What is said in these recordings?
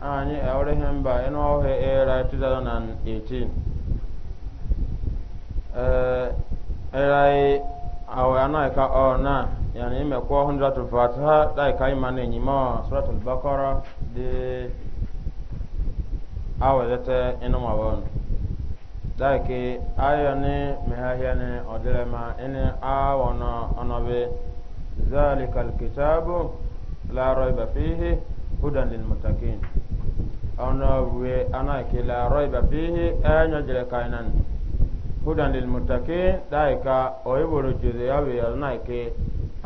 anyị ewere ihe mba ịnụ ọhịa era 2018 ee erai awe ka ọ na yani imekwa 100 to fatiha daika ima na enyima surat al-bakara dị awelete ịnụ ma bọnụ daiki ayọ ni mehahia ni ọdịrịma ịnị awọ na ọnọbi ذلك الكتاب لا ريب فيه هدى للمتقين أنا وي أنا كلا ريب فيه أنا جل كائنان هدى للمتقين دايكا أويبر الجزية ويالنايك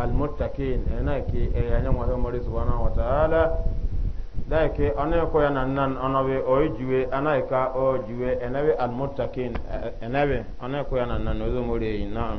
المتقين هناك أيانا محمد سبحانه وتعالى دايك أنا كوي نان أنا وي أويجوي أنا كا أوجوي أنا وي المتقين أنا وي أنا كوي نان نزوم نعم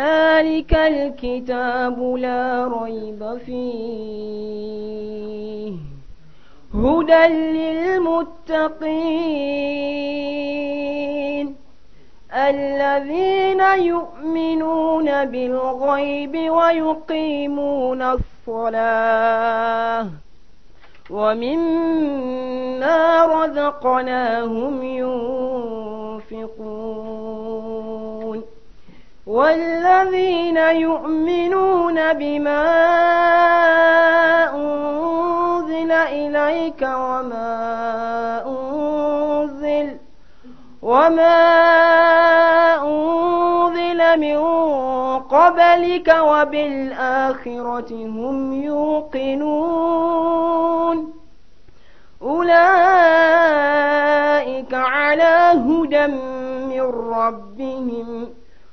ذلك الكتاب لا ريب فيه هدى للمتقين الذين يؤمنون بالغيب ويقيمون الصلاة ومما رزقناهم ينفقون والذين يؤمنون بما أنزل إليك وما أنزل وما أنزل من قبلك وبالآخرة هم يوقنون أولئك على هدى من ربهم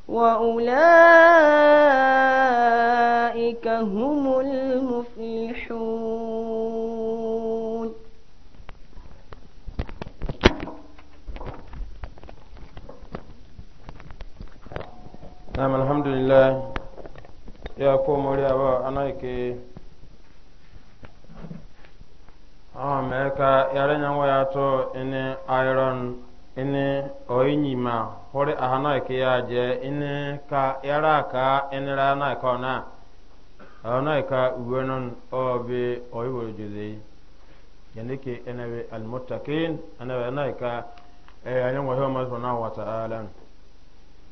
وأولئك هم المفلحون نعم الحمد لله يا قوم يا أبا أنايك آه ملكا يا رنيا ويا تو إني أيرون ini oyi ma hori ahana ke ya je ini ka yara ka ini rana ka na ana ka uwe non obi oyi woro jeze yanda ke ina bi almuttaqin ana bi ana ka eh ayan wa huwa subhanahu wa ta'ala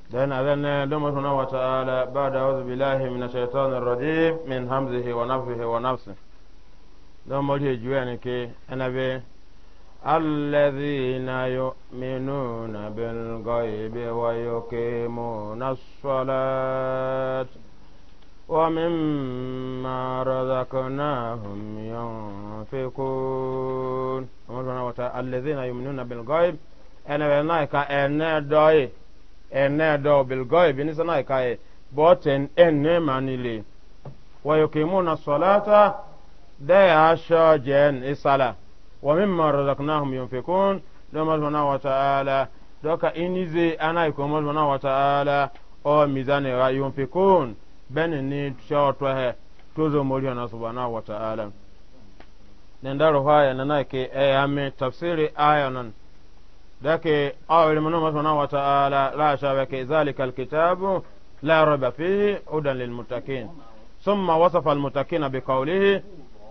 dan adan do ma subhanahu wa ta'ala ba'da a'udhu billahi minash shaitanir rajim min hamzihi wa nafthihi wa nafsihi do mo je juwe ne ke ana الذين يؤمنون بالغيب ويقيمون الصلاة ومما رزقناهم ينفقون الذين يؤمنون بالغيب أنا بنايك أنا دوي أنا دو بالغيب نسنايك بوتن أنا مانيلي ويقيمون الصلاة ده عشر جن الصلاه إيه ومما رزقناهم ينفقون لما سبحانه وتعالى دوكا إنيزي أنا يكون سبحانه وتعالى أو ميزاني ميزان ينفقون بين نيت شوط وها توزو مريانا سبحانه وتعالى نندارو هاي ننايك أي أمي تفسيري آيانا دكي أو من سبحانه وتعالى لا شابك ذلك الكتاب لا رب فيه أدن للمتقين ثم وصف المتقين بقوله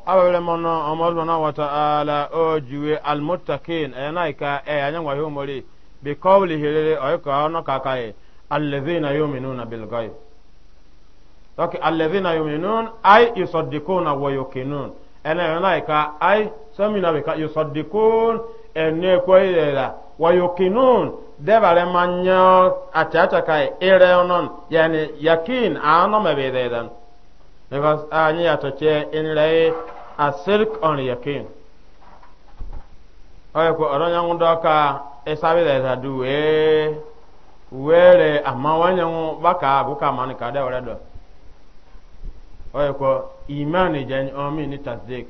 ababele mono omol mono wata ala o jiwe al muttaqin e na ka e anya ngwa yo mori bi qawli hilele o ka ono ka ka e allazina yu'minuna bil ghaib donc allazina yu'minun ay yusaddiquna e wa yuqinun ene na ka ay samina be ka yusaddiqun ene ko ilela wa yuqinun debare manya atata ka ire onon yani yakin ano mebe dedan because anyi atoche inlay asirk on yakin oye ko oro nyangu doka esabi da da du we were ama wanyangu baka buka man ka da wala do oye ko imani jan o mi ni tasdik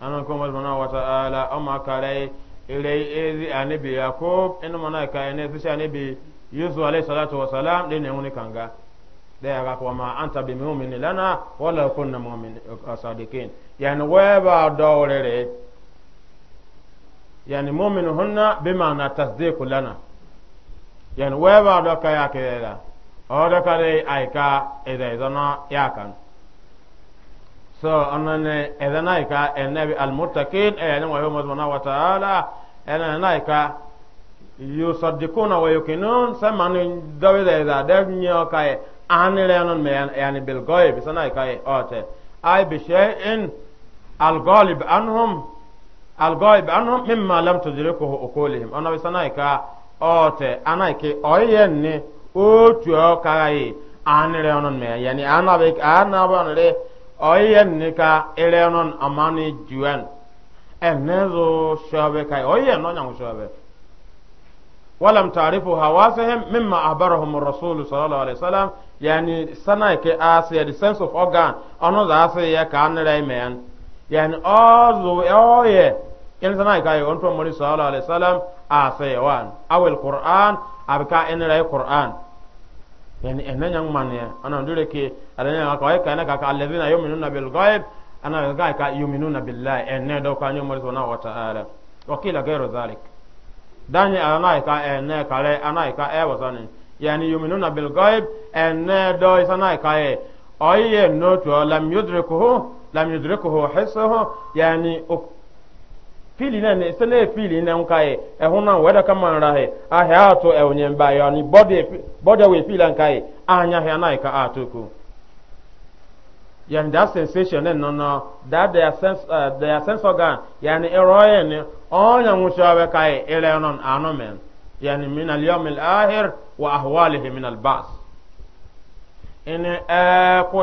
anan ko mal mana wa taala o ma kare ile ezi anabi yakub ina mana ka ene su anabi yusuf alayhi salatu wa salam din ne nguni kanga da ya ga ko ma anta bi mu'min lana wala kunna mu'min sadiqin yani weba dawrere yani mu'minu hunna bima na tasdiqu lana yani weba do ka ya kela o do ka dai aika ida izana ya kan so anane idana aika annabi almuttaqin yani wa huwa subhanahu wa ta'ala ana aika yusaddiquna wa yuqinun samanu dawida ida da nyo kai anire anon me yani bil ghaib sana aika e ote ai bi shay'in algolib anhum algolib anhum mimma lam tudrikuhu uqulihim ona bisana ka ote anaike oyenne otu okaye anire onon me yani anabe anabe onre oyenne ka ire onon amani juan enezo shobe kai oyenne onyan shobe ولم تعرفوا حواسهم مما أخبرهم الرسول صلى الله عليه وسلم يعني سنة كأسيا the sense of organ أنو ذا أسيا كأن رأي ميان yani ozo oye yana sana ka yi onto mori sallallahu alaihi wasallam a sayawan awel qur'an abka enra yi e qur'an yani enna nyang man ya ana ndure ke adanya ka ay kana ka alladhina yu'minuna bil ghaib ana ga ka yu'minuna billahi enna do ka nyu mori sallallahu wa ta'ala wa qila ghayru zalik dani ana ka enna kale ana ka e wasani yani yu'minuna bil ghaib enna do sana ka e oye no to lam yudrikuhu lam yudrikuhu hisuhu yani fili na ne sene fili na nka na e, e ho na weda kama nra he ato e onye mba e, ya ni body e, body we fili nka anya he na ka ato ku yani that sensation no no that their sense uh, their sense organ yani eroye ni onya we kai anomen yani min al yawm al akhir wa ahwalihi min al ba's Ene e ko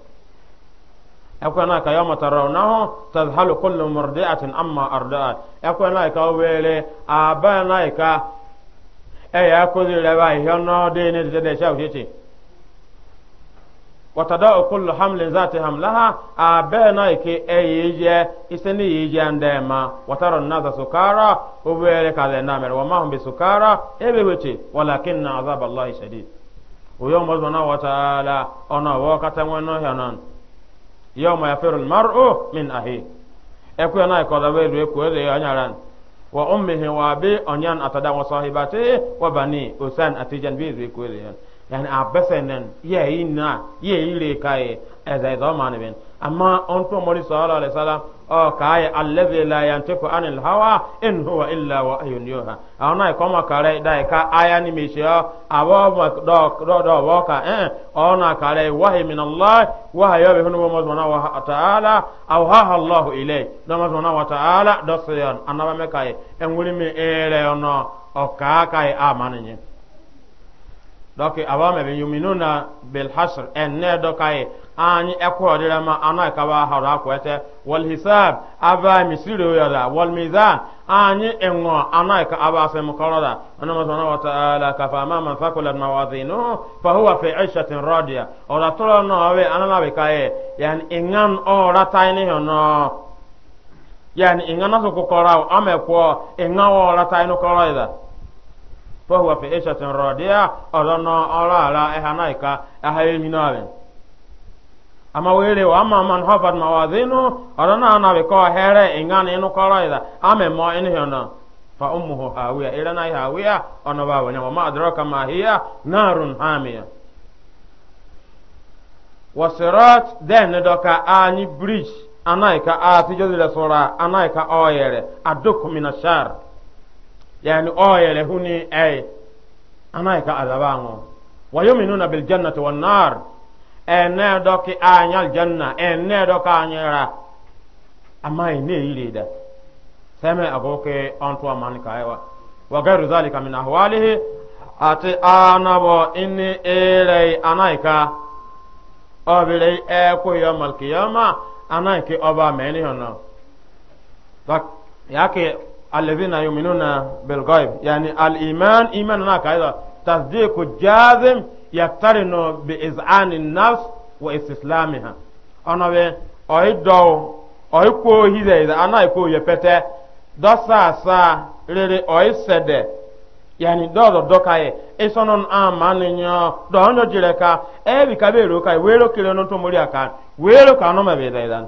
ekwena ka yawma tarawnahu tadhalu kullu murdi'atin amma arda'at ekwena ka wele abana ka e ya kuzire ba yono de ne de de shawti watadau kullu hamlin zati hamlaha abena ke e yije iseni yije andema watara nnaza sukara ubere kale namer wa mahum bisukara ebe weche walakinna azab allahi shadid uyo mozona wa taala ona wa katamwe no hanan yawma yafiru almar'u min ahi eku yana ko da welu eku ele anyaran wa ummihi wa bi onyan atada wa sahibati wa bani usan atijan bi zwe ku ele yani abesenen ye ina ye ile kai ezaizo manibin amma on to mori sallallahu alaihi wasallam o kaaye allazi la yantiku anil hawa in huwa illa wa ayun yuha awna ko ma kare dai ka aya ni mi shi awo ma do do do wo ka eh ona kare wahi min allah wa ya bi hunu mo zona wa ta'ala aw ha allah ilay do mo zona wa ta'ala do siyan anaba me kaaye en wuri mi ere ono o ka kaaye amanin donc awa me be yuminuna bil hasr en ne do kaaye ani ekuro dira ma ana kaba hara kwete wal hisab aba misiro yada wal mizan ani engo ana ka aba se mukarada ana ma sana wa taala ka fa ma man fakulat mawazinu fa huwa fi aishatin radiya ora tolo no awe ana na be kae yani engan ora tayni hono yani engana so ko kora ame ko enga ora tayno kora ida fa huwa fi aishatin radiya ora no ora ala ehana ka ahayi minawen e ama wele wa ama man hafat mawazinu arana na be ko here ingana inu ida ame mo inu hona fa ummuhu hawiya ira na hawiya ono ba wanya wa ma adraka ma hiya narun hamiya wasirat sirat den doka ani bridge anaika ati jodile sura anaika oyere aduku minashar yani oyere huni ay anaika adabango wa yuminuna bil jannati wan nar ene doki anyal janna ene doka anyara amma ine ile da seme aboke onto amani kaiwa wa gairu zalika min ahwalihi ati anabo inni ilai anaika obile eku yomal kiyama anaiki oba meni hono dak yake alladhina yu'minuna bil ghaib yani al iman iman na kaiwa tasdiqu jazim yaqtarinu bi iz'ani nas wa istislamiha ona we oy do oy ko hide ida ana ko yepete do sa sa rere oy sede yani do do do kai esonon amani nyo do onyo jireka e bi ka be ro kai we ro kire no to muri aka we ro ka no be ida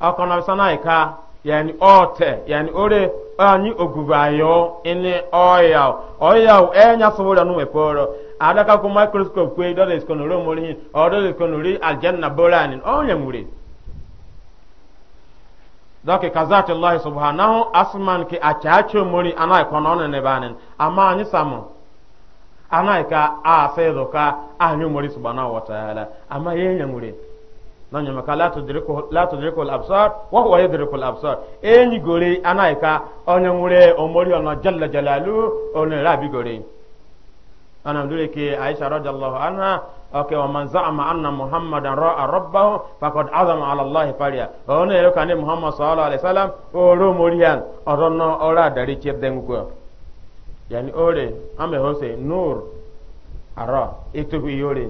akɔnɔ sana yi ka yani ɔɔtɛ yani ore ani ogubayɔ ini ɔyaw ɔyaw ɛnya sɔbɔra nu mɛpɔrɔ adaka ko microscope koe dɔ de sikɔnɔ ro mori hin ɔ dɔ de sikɔnɔ ri aljanna bɔra ni ɔnyɛ mure dɔki kazati subhanahu ki mori ana ikɔnɔ ama anyi samu ana yi ka a zɔ ka mori subhanahu wa ama mure. nanyama ka la tudriku al-absar wa huwa yudriku al-absar enyi gore anaika onye nwere omori ona jalla jalalu ona rabi gore ana mdure ke aisha radiyallahu anha oke wa man za'ama anna muhammadan ra'a rabbahu faqad azama ala allah fariya ona yero kane muhammad sallallahu alaihi wasallam oro moriyan oronno ora dari chebdengu yani ore ame hose nur ara etuhu yore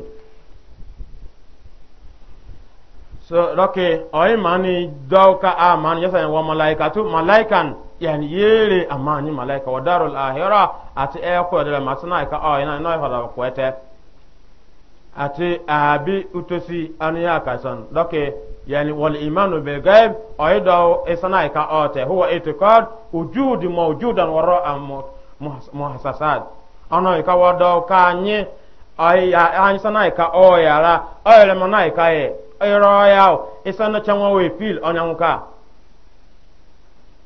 so loke oyi mani dawka a mani yasa wa malaika tu malaikan yani yere amani malaika wa darul ahira ati e ko de masna ka o oh, ina no fa ko ete ati abi utosi anu ya ka son loke yani wal imanu bil ghaib oyi daw isna ka o te huwa itiqad wujudi mawjudan wa ra'a muhassasat ana ka wa daw ka nyi oyi anyi sana ka o yara oyi ka e ero ya isa na chanwa we feel onya nka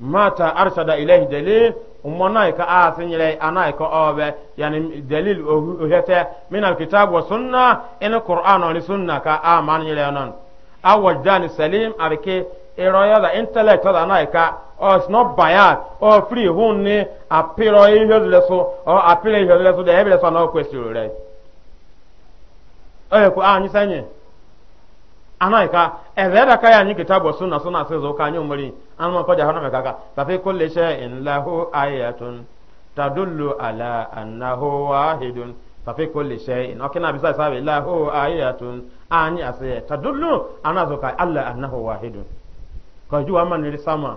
mata arshada ilahi dalil umma ka a sinyire anai ka obe yani dalil ohete min alkitab wa sunna ịnụ Kur'an wa sunna ka a man yire non awajdan salim arke ero ya da intellect da anai ka o oh, is not biased o oh, free hun ni apiro ihe leso o oh, apiro ihe leso da ebe leso na question right oye ko anyị sanye anaika ebe da kaya anyi kitabu sunna sunna sai zo ka anyi umuri an ma kwaja hana kaka fa fi kulli shay'in lahu ayatun tadullu ala annahu wahidun fa fi in shay'in na bisa sabe lahu ayatun anyi asiye tadullu ana zo ka alla annahu wahidun ko juwa man ri sama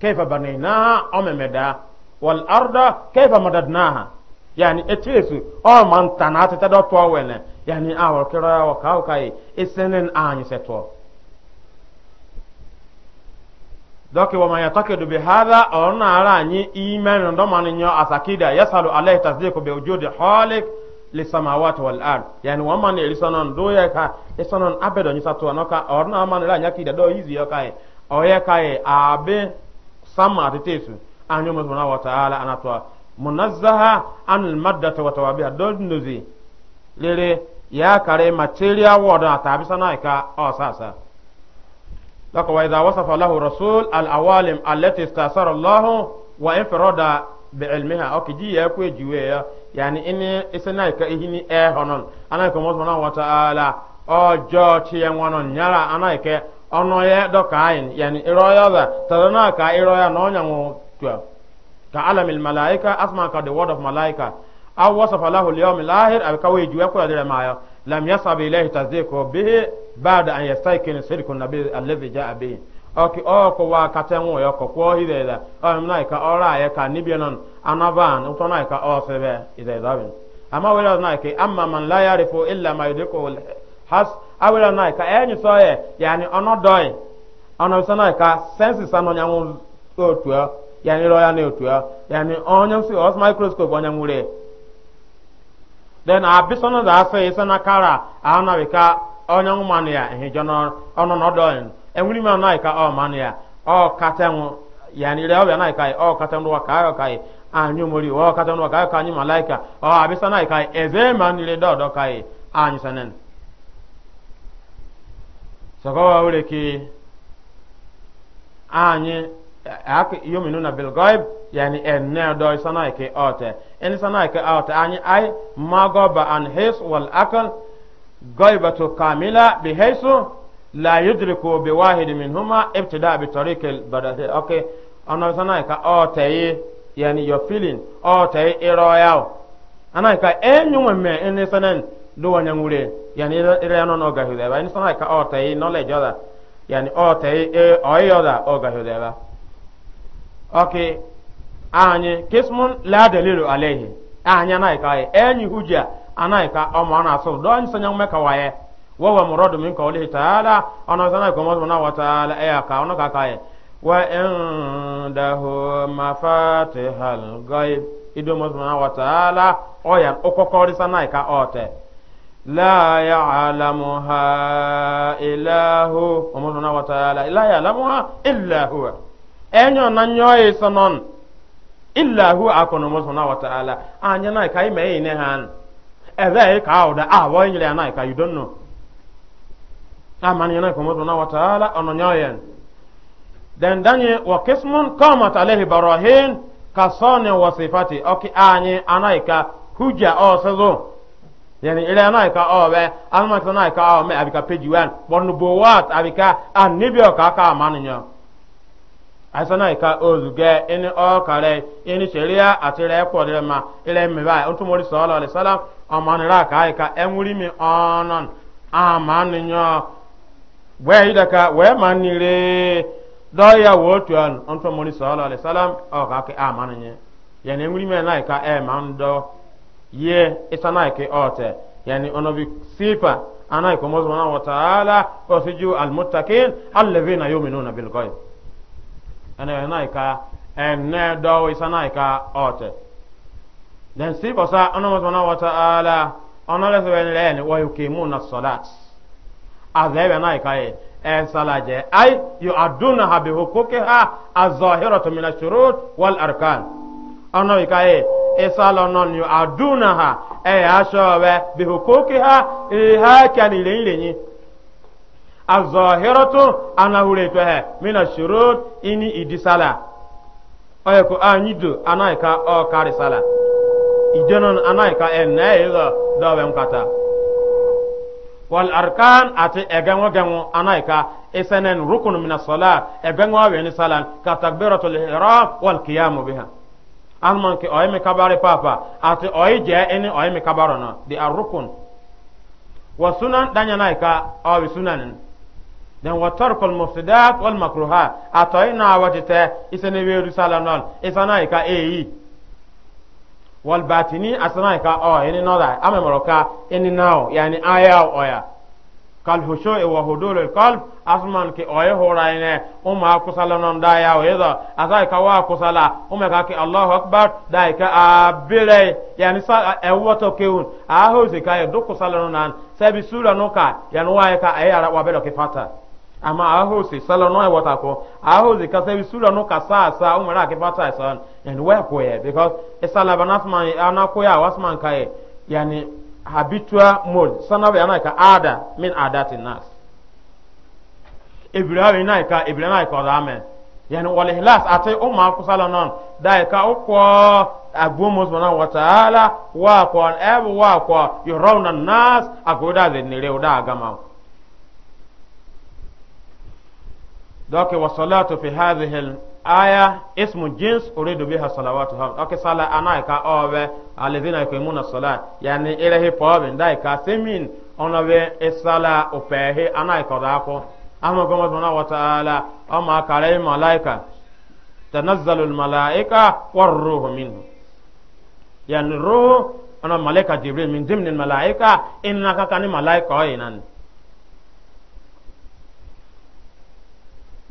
kaifa banainaha omemeda wal arda kaifa madadnaha yani etisu o man tanata tadotwa wene yani a warkira ya wa kawo kai isinin a hanyi doki wa man yatakidu bi hadha ona ara nyi iman ndo man nyo asakida yasalu alayhi tasdiqu bi wujudi khaliq li samawati wal ard yani wa man irisanon do ya ka isanon abedo nyi satu anoka ona man ra nyakida do izi yo kai oye kai abe sama atitesu anyo mwana wa taala anatwa munazzaha anil maddati wa tawabiha do nuzi lere ya kare material word na tabi sana ka o oh, sasa lako wa idha wasafa lahu rasul al awalim allati istasara allah wa infirada bi ilmiha o kiji ya ku ejiwe ya yani ini isana ka ihini e honon ana ko mo na wa taala o jo ti en wonon ana ke ono ye do kain yani iroya da tadana ka iroya no nyango twa ka alamil malaika asma ka the word of malaika aw wasafa lahu al-yawm al ka abi juwa ko adira ma lam yasab ilayhi tasdiqu bihi ba'da an yastaykin nabi alladhi ja'a bihi ok oko wa katenwo yo ko ko hideda o ka ora ya ka nibionon anavan ka osebe ida amma wala na ka amma man la yarifu illa ma yudiku has na ka enyu soye yani onodoi ono sana ka senses anonyamu otua yani roya na otua yani onyo si os microscope then abisɔnɔ da afɛ yi sɛnɛ kara ahana bi ka ɔnyanwu manu ya ehijɔnɔ ɔnɔnɔ dɔɔni ɛnwuli manu ayi ka ɔ manu ya ɔ katɛŋu yanni rɛ ɔbɛ ka yi ɔ katɛŋu wa kaayɔ ka yi mori ɔ wa ka anyi malaika ɔ abisɔnɔ ayi ka yi ɛzɛ manu rɛ dɔɔdɔ ka yi wa wuli ki ak yuminuna bil ghaib yani en ne do sana ke ote en sana ke ote ani ai magoba an his wal akal ghaibatu kamila bi haisu la yudriku bi wahid minhuma ibtida bi tariq al badati okay ana sana ke ote yani your feeling ote iroyao ana ka enyu me en sana do wanyangure yani ire no no gahudeba en sana ka ote knowledge oda yani ote e oyoda ogahudeba okay anyị kismun la dalilu alayhi anya na ka enyi hujja ana ka o ma na so don sanya me ka waye wa wa muradu min qawlihi ta'ala ana sana ko mo na wa ta'ala ya ka ona ka kae wa indahu mafatihal ghaib ido mo na wa ta'ala o ya okokori sana ka ote la ya'lamuha illa hu mo na wa ta'ala la ya'lamuha illa huwa enyo na nyo e sonon illa hu akono mo sona wa ta'ala anya na kai me e ne han ebe e ka oda a wo nyire na e ka you don't know amani na e ko mo sona wa ta'ala ono nyo yen den danye wa kismun qamat alayhi barahin ka sona wa sifati oki anye anaika hujja o sezo yani ile anaika o be alma sona ka o me abika page 1 bonu bo wat abika anibio ka ka amani nyo asana ka ozuge ini okare ini sheria atire ekwadire ma ile mmiba otumori sallallahu alaihi wasallam amanira ka ai ka enwuri mi onon amaninyo we idaka we manire do ya wotu an otumori sallallahu alaihi wasallam o ka ke amaninye yani enwuri mi na ka e mando ye isana ote yani sifa wa ta'ala almuttaqin yu'minuna bil ghaib ene na ika ene do isa na ika ote then si bosa ono mo na wa taala ono le se le ni wa yukimuna salat azebe na ika e, e salaje ay yu'adduna ha bi huquqiha az-zahiratu min ash-shurut wal arkan ono ika e isalo e non yu'adduna ha e aso be bi huquqiha ha kan ile ile yin azahiratu anahule mina shurut ini idisala oye ko anyido anaika o kari sala ijenon anaika ka na ezo dobe nkata wal arkan ati egenwo genwo anaika a rukun mina sala ka takbiratul ihram wal qiyamu biha alman ke oyemi kabare papa ati oyije di wa sunan sunanin dan wa tarkul mufsidat wal makruhat atoy na wajite isene weru salanol isana ka eyi wal batini asana ka o ini noda amemoro ka ini nao yani aya oya kal hushu wa hudul al qalb asman ki oye horaine umma kusalanam da ya weza asai ka wa kusala umma ka ki allahu akbar da ka abire yani sa ewoto keun ahoze ka do kusalanam sabi sura no ka yani wa ka ayara wa belo ki fata ama ahosi sala no wata ko ahosi kasa bi sura no kasa sa umara ake pata sa and where ko because esala banasman ana ko ya man kai yani habitual mode sana we ana ka ada min adati nas ibrahim na ka ibrahim ka da amen yani wal ihlas ate umma ko sala non da ka ko agbomo subhanahu wa ta'ala wa ko wa ko nas دوك والصلاة في هذه الآية اسم جنس أريد بها صلواتهم دوك صلاة أنا إكا أوه الذين يقيمون الصلاة يعني إلهي بابن دا إكا سمين أنا بي الصلاة أفهي أنا إكا داكو أما كما سبحانه وتعالى أما كريم ملائكة تنزل الملائكة والروح منه يعني الروح أنا ملائكة جبريل من ضمن الملائكة إنك كان ملائكة أينان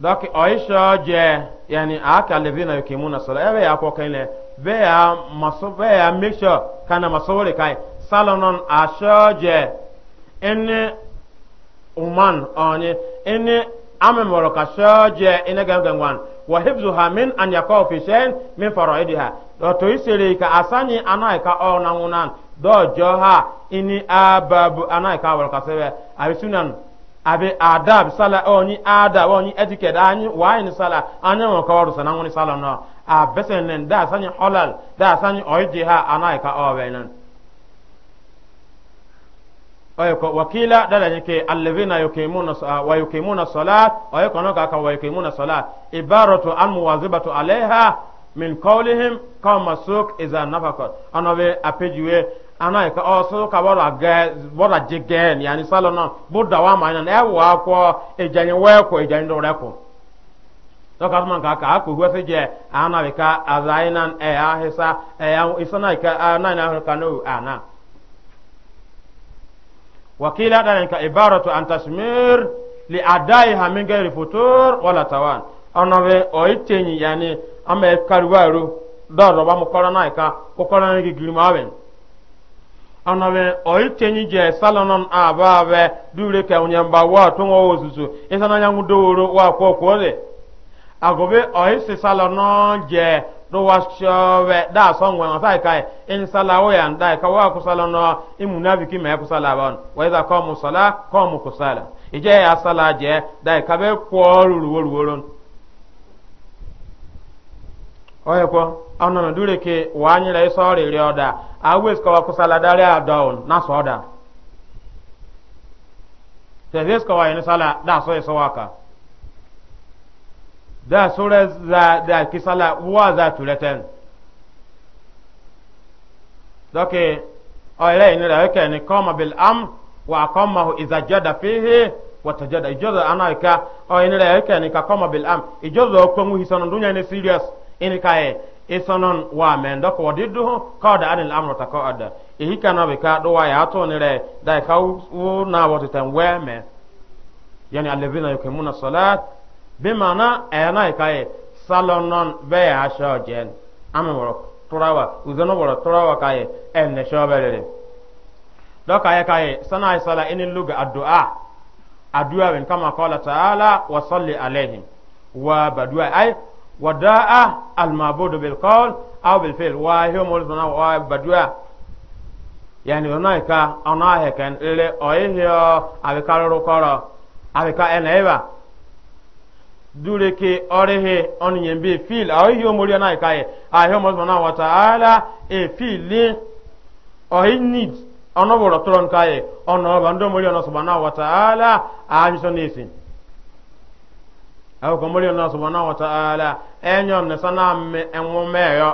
donc oisho je yani aka levina yukimuna sala ebe ya kwa kene be ya maso be ya make sure kana masore kai salonon asho je ene uman onye ene amemoro ka sho je ene gangangwan wa ha min an yakaw fi fọrọ min faraidiha do to isere ka asani anaghị ka onangunan do ha ini ababu anaghị ka wal kasebe abisunan abi adab sala oni ada oni etiquette ani wine sala ani won ka waru sanan woni sala no a besen nen da sani halal da sani oje ha anai ka owenan oye ko wakila dala yake allazina yuqimuna wa yuqimuna salat oye ko noka ka wa yuqimuna salat ibaratu an muwazibatu alaiha min qawlihim kama suk iza nafaqat anobe apejiwe ana oh, ka ọsọ ka bọra gẹ bọra je gẹ ni ani salọ na bó da wa ma ẹ wọ akọ ìjẹni wẹ kọ ìjẹni dọrọ rẹ kọ tọka sọmọ nka ka akọ hu ẹsẹ ana bi ka azayi na ẹ hisa e ya isa na ka ana na ka no ana. wakila da ka ibaratu an tashmir li adai ha min gairi futur wala tawan ọ̀nà bẹ ọ̀yí tẹ̀yìn yani ama ẹ e kariwa ẹ̀rọ dọ̀rọ̀ bá mu kọ́ra náà ká kó kọ́ra náà anabe oitenyi je salonon ababe dure ka unyamba wa tungo ozuzu isana nyangu doworo wa kokoze agobe oisi salonon je do washowe da songwe ngasai kai in salawo ya ndai ka wa kusalono imunabiki me kusalabon wa idha qamu sala qamu kusala ije ya sala je dai ka be ko ruruworuworon oye ko anana dure ke wanyira isore ile oda awes ko wakusala dare down na soda tezes ko wayne sala da so eso waka da sura za da kisala wa za tuleten doke oyre ni ra ke ni kama bil am wa aqamahu idza jada fihi wa tajada ijaza anaka oyre ni ra ke ni ka kama bil am ijaza ko mu hisan dunya ni serious ini kae isanon wa men doko wadiddu kawda anil amru ta kawda ihi kana be ka do wa ya to ne re da ka wo na wato tan we me yani allazina yuqimuna salat bimana ayana kai salonon be ya shojen amma woro turawa uzono woro turawa kai en ne shobelere doka ya kai sana sala inin luga addu'a addu'a kama qala ta'ala wa salli alaihim wa badua ai وداء المعبود بالقول أو بالفعل وهي مرزنا وبدوا يعني هناك أنا هيك اللي أيه أبكار ركارا أبكار إنهبا dureke ɔrehe ɔnyen bi fil ɔyehi omori ɔna ika yɛ ahe omori wata ala efili ɔhe need ɔnɔbɔrɔ tɔrɔ nka yɛ ɔnɔba ndomori ɔna sɔba na wata ala ahisɔ awo ko mori na subhana wa ta'ala enyo ne sana me enwo me yo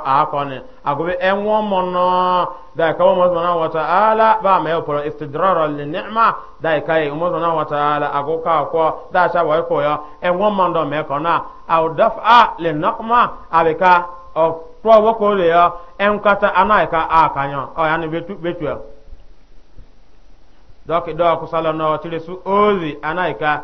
ni agobe enwo mono da ka mo subhana wa ta'ala ba me yo pro istidrar li ni'ma da ka e mo subhana wa ta'ala ago ka ko da sha wa ko yo enwo mondo me ko na aw daf'a li naqma abeka o pro wo ko le yo enkata anaika akanyo o ya ne betu betu dɔki dɔɔ kusala nɔɔ tiri su oozi anaika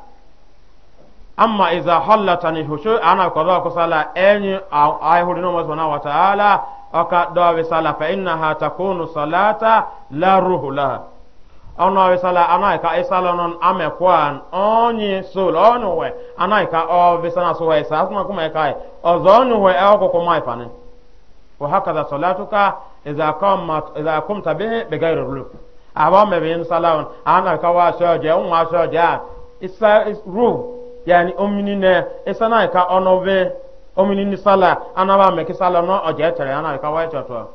amma iza hallata ni hushu ana kodo ko sala enyi ay hurino mo subhanahu wa ta'ala aka do be sala fa innaha takunu salata la ruhu laha ona be sala ana ka isala non ame kwan onyi sul onu we ana ka o be sana so we sa kuma kuma kai o zonu we e ko kuma ifane wa hakaza salatuka iza qamat iza qumta bihi bighayri ruhu awa me bin salawon ana ka wa soje un wa soje isa ruhu yani omini ne esana ka onove omini ni sala anaba me ki sala no oje tere ana ka wa choto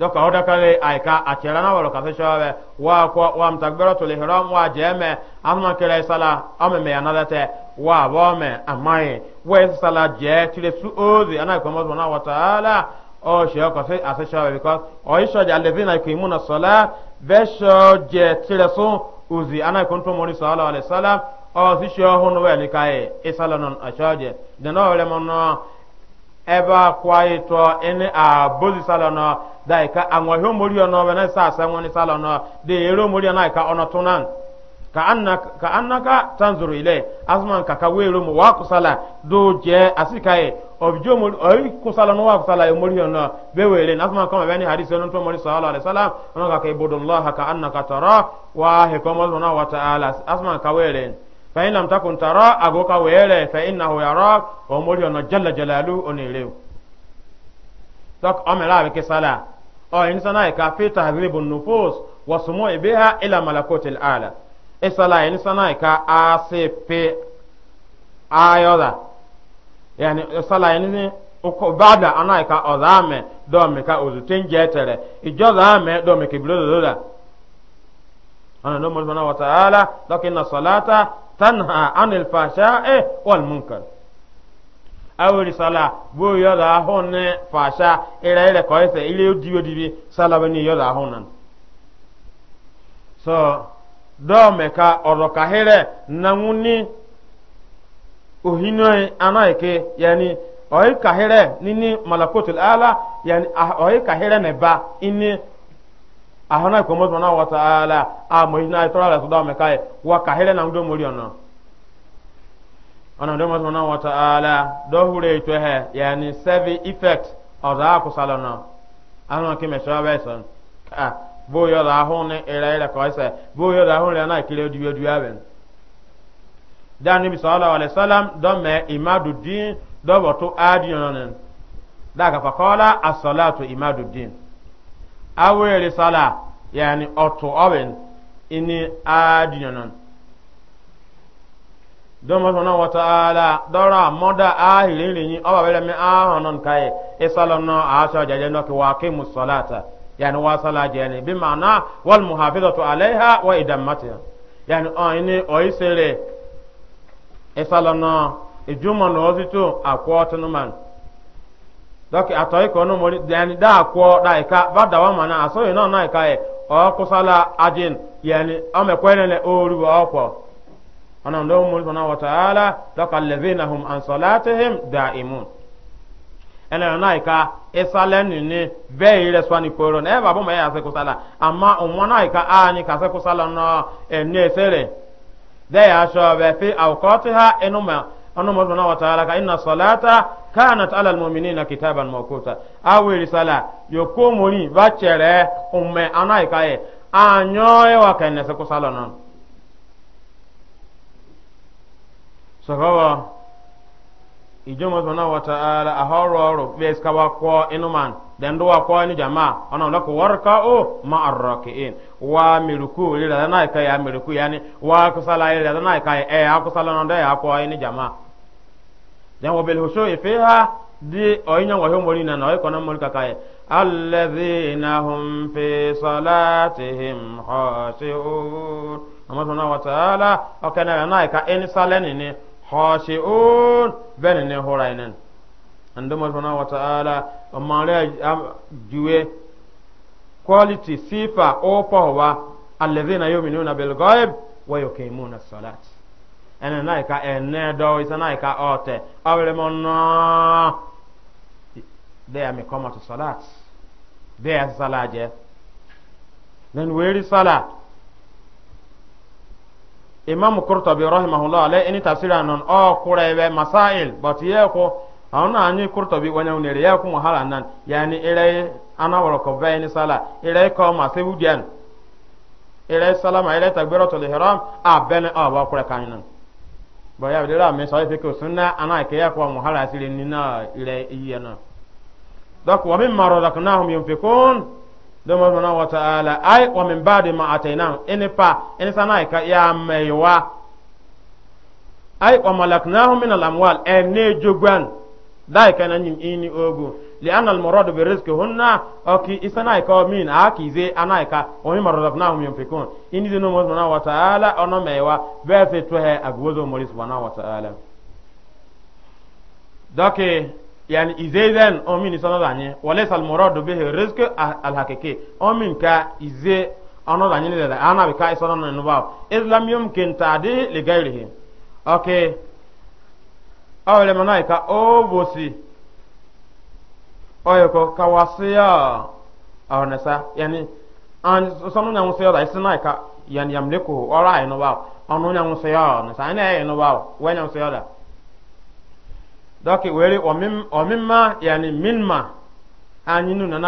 doka oda kale aika atira na woro ka se shawe wa kwa wa mtakbiratu lihram wa jeme amma kire sala ameme yanadate wa bome amaye we sala je tire su ozi ana ko mo na wa taala o se ko se ase shawe because o isho ja levina ko imuna sala be sho je tire su uzi ana ko to mori sallallahu alaihi wasallam o si sho hono we ni kai isalanon ashaje de no le mono eba kwaito ene a bozi salano dai ka anwa ho mori ono we na sa sa ngoni nọ de ero mori na ka ono tunan ka annaka ka annaka tanzuru ile asman ka ka wero mu wa kusala do je asikai obijo mo oyi kusala no wa kusala e mori ono be were na asman ka mabani hadisi ono to mori sallallahu alaihi wasallam ono ka ibudullah ka annaka tara wa he komo wa ta'ala asman ka were فإن لم تكن ترى أبوك ويلي فإنه يراك ومولي أن جل جلاله أنيليو تك أملا بك صلاة أو إنسانا في تهذيب النفوس وسمو بها إلى ملكوت الأعلى إصلاة إنسانا يكا آسي بي آيودا يعني إصلاة إنسانا بعد أنا يكا أذامي دومي كا أزوتين جيتري إجو ذامي دومي كبلو دولا أنا نمو سبحانه وتعالى لكن الصلاة tanha anil fasha'e wal munkar awori sala bo yoda honne fasha ira ira ko ise ile odiwo dibi sala bani yoda honan so do meka oro kahere nanwuni ohinoy anaike yani oy kahere nini malakotul ala yani ah, oy kahere ne ba ini ahona ko mo na wata ala a mo na itora la sodaw me waka hile na ndo mori ono ona ndo na wata ala do hure to yani seven effect o da ko salona ana ke me shawe ah bo yo da ho ne ko bo yo da ho le na sallallahu alaihi wasallam do me imadu din do boto adi da ka awere sala yani otu oben ini adinyonon don masu nan wata ala dora moda ahirin rinyi ọba bẹrẹ mi ahonon kai isalon na aṣọ jajen na kiwa ki musalata yani wa sala jeni bi ma'ana wal muhafizatu alaiha wa idan mati yani o ini o isere isalon na ijumon na ozito akwọ tunuman dɔki atɔyi kɔnɔ mori yanni daa kɔ daa ika ba daba mana asɔyi nɔ na ika yɛ ɔ kusala ajin yanni ɔmɛ kɔyɛ lɛ ooru bɛ ɔkɔ ɔnà ndɔ mori sɔnna wata ala dɔka lɛbi na hum ansɔlatihim daa imun ɛnɛ na ika isalɛ nini bɛɛ yi rɛ sɔni koro na ɛbɛ aboma yɛ ase kusala ama ụmụ na ika aanyi kase kusala nɔ ɛnɛ e sere dɛ yɛ asɔ bɛ fi awukɔti ha ɛnuma ɔnà mori sɔnna wata ala ka na sɔlata kanat alal mu'minina kitaban mawquta awi risala yokomoni bachere umme anai kae anyoye wa kenne se kusala non sahawa ijomo zona wa ta'ala ahoro oro bes kawa ko inuman den do ko ni jamaa ona la ko warka o ma arrakin wa miruku lila na kai ya miruku yani wa kusala lila na kai e akusala non da ya ko ni jamaa dan wa bil hushu'i fiha di oyinya wa homori na na oyikona mori kakaye alladhina hum fi salatihim khashi'un amma subhanahu wa ta'ala okana na ka en salani ni khashi'un ben ne horainan ando mo subhanahu wa ta'ala amma re juwe quality sifa opa wa alladhina yu'minuna bil ghaib wa yuqimuna as-salata ene naika ene do isa naika ote awele mono there me come to salat there salaje then where is salat imam qurtubi rahimahullah alayhi ini tafsira non o kurebe masail but ye ko awna anyi qurtubi wanya unere ye ko hala nan yani ire ana woro ko be ni sala ire ko ma se wudian ire salama ire takbiratul ihram abene aba kure kanin bọ́yá bí lọ́la mi sọ yìí fi kò sún náà aná ìkéyà kó ọmọ hàlà sílẹ̀ nínú ilẹ̀ iyẹ̀ náà. dọ́kù wọ́n mi mọ̀rọ̀ dọ́kù náà mi fi kún dọ́mọ̀ ma àtẹ̀ náà pa ene sá náà ìka yà mẹ́yì wá. ayé wọ́n mọ̀lẹ́kù náà mi nà làmúwàl ẹ̀ ní ejogban dáìka لأن المراد برزقهن أوكي إسنا إكا مين أكي زي أنا إكا وهم رزقناهم ينفقون إن ذي نمو سبحانه وتعالى أنا ميوا بيثي توهي أقوزو مولي سبحانه وتعالى دوكي yani izezen omin isono danye walaysa almuradu bihi rizq alhaqiqi omin ka ize ono danye ne da ana ka isono no ba islam yumkin tadi li gairihi okay awle manaika obosi oyo ko kawasiya yani an anyị nyamu na da isina ka yani yamleku ora ay no ba onu nyamu seyo ọnụ Anyị na wee yani minma nụ na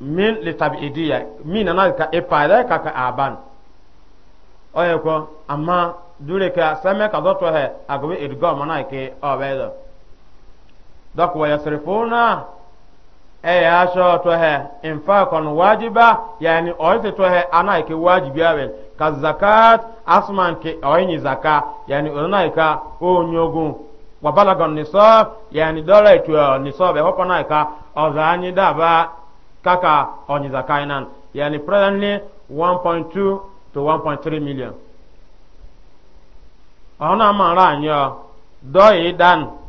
min min na ya epada ka ka aban oyo ko amma dure ka ka doto ọ bụ dɔk wa yasrifuna e ya sho to he infaqan wajiba yani oyse to he ana ke wajibi awen ka zakat asman ke oyni zaka yani ona ka o nyogun wa balaga nisab yani dola to nisab e hokona ka ozani daba kaka onyi zaka inan yani presently 1.2 to 1.3 million ona ma ra anyo do idan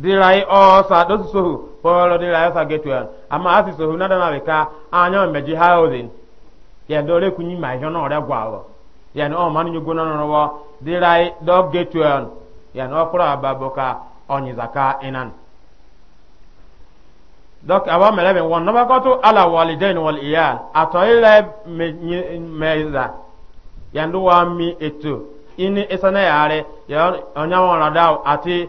dirai osa do sohu polo dirai osa getuan ama asi sohu nada na beka anya meji housing ya dole kunyi ma hyo na ore gwawo ya no ma nyu gona no wo dirai do getuan ya no kura ababoka onyi zaka inan dok awa melebe won no bakoto ala walidain wal iyal atoyle meza ya ndu wa mi eto ini isana yare ya onyawo radaw ati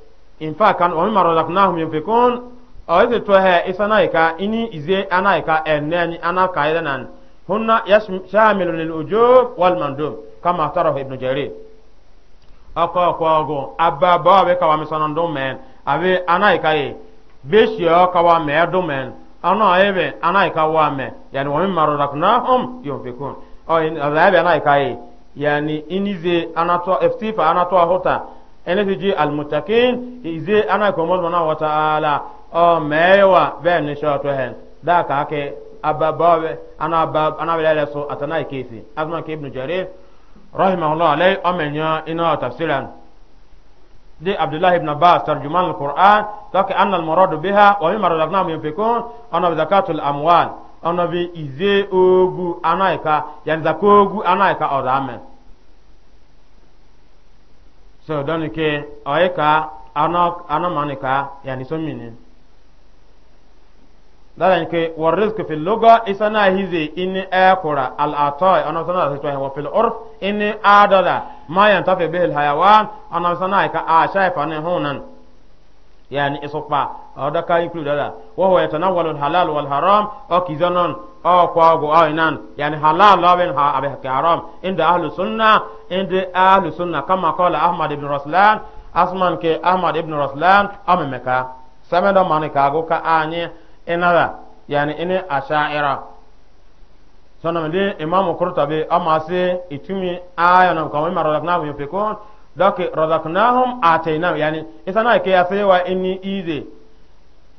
in fact kan o mimaro da kunahum yunfikun o ize to he isana ika ini ize ana ika enani ana kaida nan hunna yashamilun lil ujub wal mandub kama tarahu ibn jarir akọ akọ ọgụ ababa abe kawa misana ndo men abe ana ika ye beshi o kawa me do men ana ebe ana ika wa me yani wa mimaro da kunahum yunfikun o in ebe ana ika ye yani inize anato eftifa anato hota ene ti ji almutakin ize ana ko mo na wa taala o mewa be ni sho to hen da ka ke ababawe ana abab ana bele le so atana kesi azma ke ibn jarir rahimahullah alai amenya ina tafsiran دي عبد الله بن عباس ترجمان القرآن تاك أن المراد بها ومما رزقناهم ينفقون أنا بزكاة الأموال أنا بإزي أوغو أنايكا يعني so dɔnni ke ɔye ka ana ana mani ka yani so mini dɔnni ke wa risk fi loga isana hize ini ɛkura al atɔy ana sana se tuwa wa fil urf ini adala ma yan tafe bihi al hayawan ana sana ka a shaifa ne hunan yani isokpa ọdọ ka include ọdọ wọhọ ẹtọ náà wọlọ halal wọl haram ọkìzọnọn ọkọọgọ ọyìnan yàni halal lọwìn ha abẹhẹkẹ haram ndé ahlusunna ndé ahlusunna kama kọla ahmad ibn raslan asman ke ahmad ibn raslan ọmọmẹka sẹmẹdọ mọni kaago ka anyi inara yàni ini aṣaira sọnàmìdí imaamu kurtabi ọmọ ase ìtumí ayọ̀nà nǹkan wọ́n mi ma rọ̀lọ́kùn náà wọ́n yóò fi kún dọ́kì rọ̀lọ́kùn náà hùm àtẹ̀yìn náà yàni ìsanáà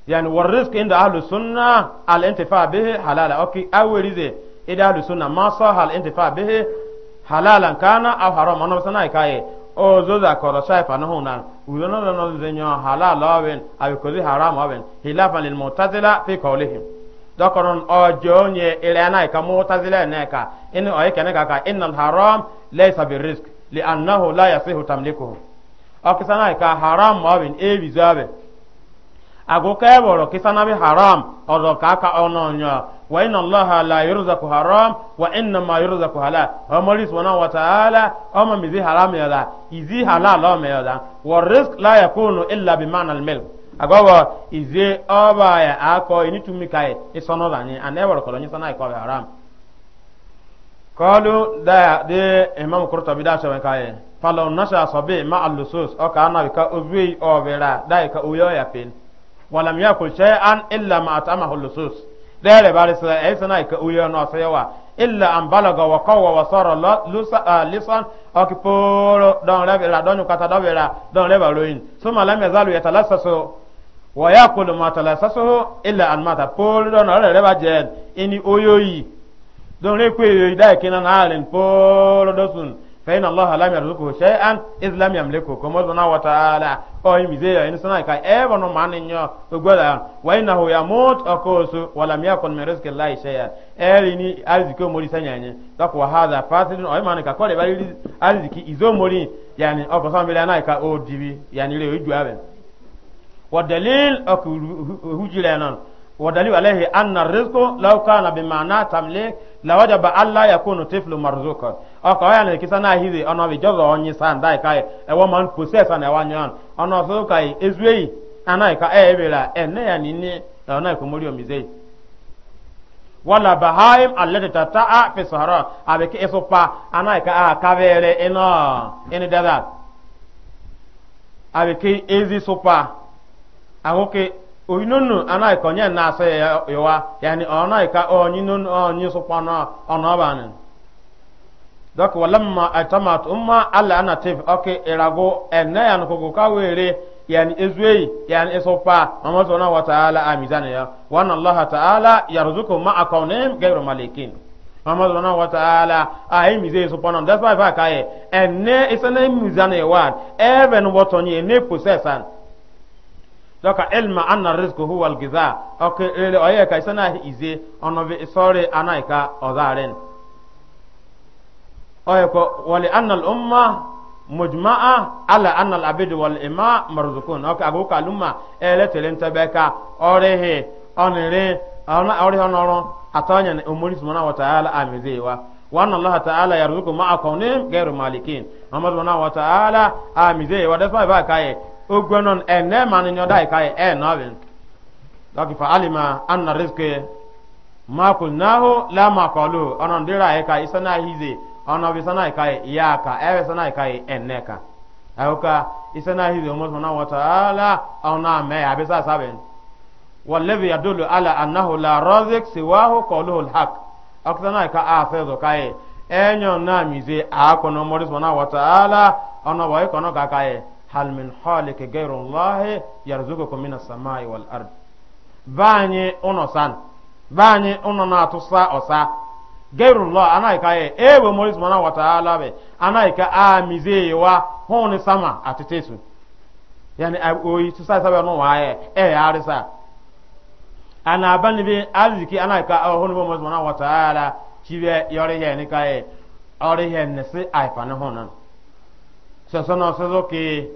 yani warrizq inda ahlu sunna al intifa bihi halala okay awirize ida ahlu sunna ma sa hal intifa bihi halalan kana aw haram ana sana ikaye o zo da koro sai fa no nan uyo no no zenyo halal awen aw ko haram awen hilafan lil mu'tazila fi qawlihim dokoron o jonye ile na ka mu'tazila ne ka in o ikene ka ka innal haram laysa birrizq li annahu la yasihu tamlikuhu akisana ka haram awen e bizabe agoka eboro kisana bi haram odo kaka ononyo wa inna allaha la yurzaku haram wa inna ma yurzaku halal o mori subhanahu wa ta'ala o ma mizi haram ya da izi halal o me ya da wa rizq la yakunu illa bi ma'na al milk agogo izi oba ya ako ini tumi kai isono da ni an eboro kolonyi sana ko haram qalu da de imam qurtubi da shawan kai falaw nasha sabi ma al lusus o ka na ka obi o vera da ka uyo ya pin walam yakul shay'an illa ma atamahu lusus dere bare sa e sana ka uyo no sayawa illa an balaga wa qawwa wa sara lisan akiporo don le la don kata do bela don le baroin suma lam yazalu yatalassasu wa yakul ma talassasu illa an mata poro don le le baje ini oyoyi don le pe yoyi da kina na alen poro dosun فإن الله لم يرزقه شيئا إذ لم يملكه كما سبحانه وتعالى أو مزيا إن سنا كاي إبن من إنه تقول وإنه يموت أكوس ولم يكن من رزق الله شيئا إليني أرزقه مولي سنياني تقوى هذا فاسد أو إما نكا كل بالي أرزقه إزو مولي يعني أو كسام بلا نايكا أو ديبي يعني ليه يجوا أبن ودليل أكو هجلنا ودليل عليه أن الرزق لو كان بمعنى تملك لوجب ألا يكون طفل مرزوقا ọka ọ ya na ekesa na-ahịrị ọnọbi jọzọ onye san dai kai ewo man poses na ewa ọnụ. ọnọ ọsọ kai ezueyi anaghị ka ee ebela ene ya nini na ọnaghị ka omori omizei wala bahaim alladata ta'a fi sahara abeki isupa anaghị ka a kavere ino ini desert abeki ezi supa ahụke oyinonu anaghị ka onye na-asị yawa yani ọnaghị ka onye nonu onye supa n'ọnọbanin donc walamma atamat umma alla ana tif ok irago enne yan ko ka were yani ezwei yani esopa mama zona wa taala amizana ya wa anna allah taala yarzuqu ma'a kawnihim ghayru malikin mama zona wa taala ai mize esopa nam that's why fa kai enne isana mizana ya wan even wotoni enne possessan doka ilma anna rizqu huwa al-ghiza ok ele oye kai sana ize onobe sorry anaika ozaren oye oh, ko wali anna umma mujma'a ala anna wal ima marzukun o oh, ka ka lumma ele telen tabeka orehe onere ona orehe onoro atanya umuri subhanahu wa ta'ala amizewa wa anna allah ta'ala yarzuqu ma'a qawmin ghayru malikin muhammad subhanahu wa ona bisana kai iyaka ewe sana kai eneka ayoka isana hizi umoto na wa taala ona me abisa saben والذي يدل على أنه لا رزق سواه قوله الحق أكثر ka آفيزو كاي enyo na mize ako no mori subhanahu wa ta'ala ono boy kono kakaye hal min khaliq ghayru allah yarzuqukum min as-samai wal ard banye ono san banye ono na tusa osa gairullah ana anaika ye ewe mori subhana wa ta'ala be ana ka amize wa hon sama atetesu yani oyi tu sa sabe no wa ye e yare e, sa ana bani be aziki ana ka hon mori subhana wa ta'ala kibe yore ye ni ka ye ore ye ne se ai pa no honan so so no so ke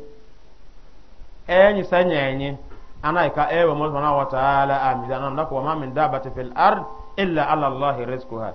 enyi sa ewe mori subhana wa ta'ala amize ana ndako wa ma min dabati fil ard illa ala allah rizquha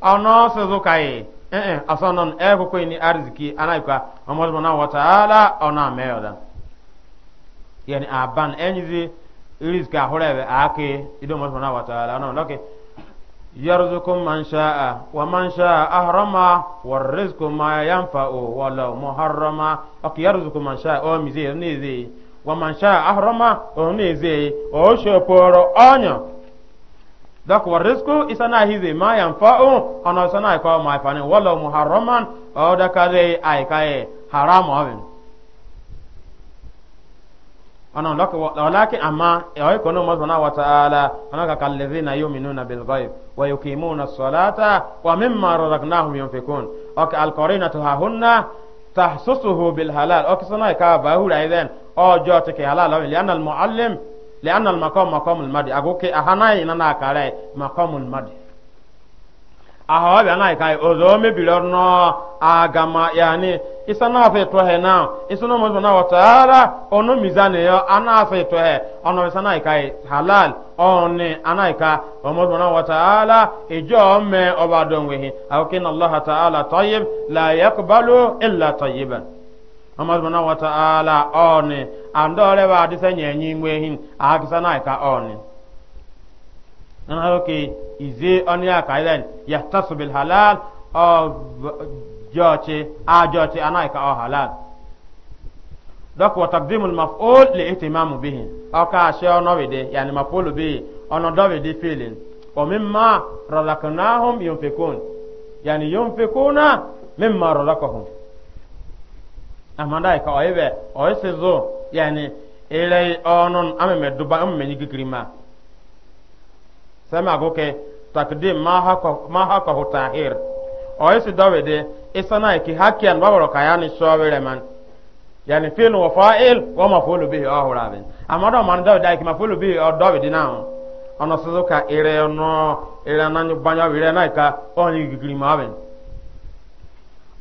ono se zo kai eh, eh asanon e ko ko ni arziki anai na amol bana wa taala ona meyoda yani aban enyizi rizka horebe a ido mol bana wa taala ona loke yarzukum man sha'a wa man sha'a ahrama wa rizqu ma yanfa'u wa la muharrama ok yarzukum man sha'a o mizi ne ze wa man sha'a ahrama o ne ze o shoporo onyo dɔk wa isana hizi ma yan fa'u ana isana ay ko ma wala muharraman o da kare ay kae haram awin ana dɔk walakin amma ay ko no mazana wa ta'ala ana ka kallazina yu'minuna bil ghaib wa yuqimuna as-salata wa mimma razaqnahum yunfikun ok al qarinatu hahunna tahsusuhu bil halal ok sana ka bahura idan o jo take halal awin li لأن المقام مقام المدي أقولك أهناي إن أنا كاره مقام المدي أهوا بأنا كاي أزوم بلورنا أعمى يعني إسنا في توه نا إسنا مزمنا وتعالى أنو ميزان يا أنا في توه أنو إسنا كاي حلال أني أنا كا ومزمنا وتعالى إجوم أبادون وهي إن الله تعالى طيب لا يقبل إلا طيبا ومزمنا وتعالى أني andore ba adisa nyenyi mwehin akisa na ka oni ana ke ize oni aka ilen ya bil halal o joche a joche ana ka o halal dok wa taqdimu al maf'ul li bihi o ka she ono wede yani maf'ul bi ono do wede feeling wa mimma razaqnahum yunfikun yani yunfikuna mimma razaqahum amanda ka oibe oisizo yani ilai onun ameme duba ameme ni kikirima sama goke takdim ma ko ma haka hutahir o yesu dawede isana ki hakian babaro kayani shawere man yani fil wa fa'il wa mafulu bihi ahura bin amado man dawede ki mafulu bihi o dawede na ono suzuka ire no ire na nyu banya wire na ka oni kikirima bin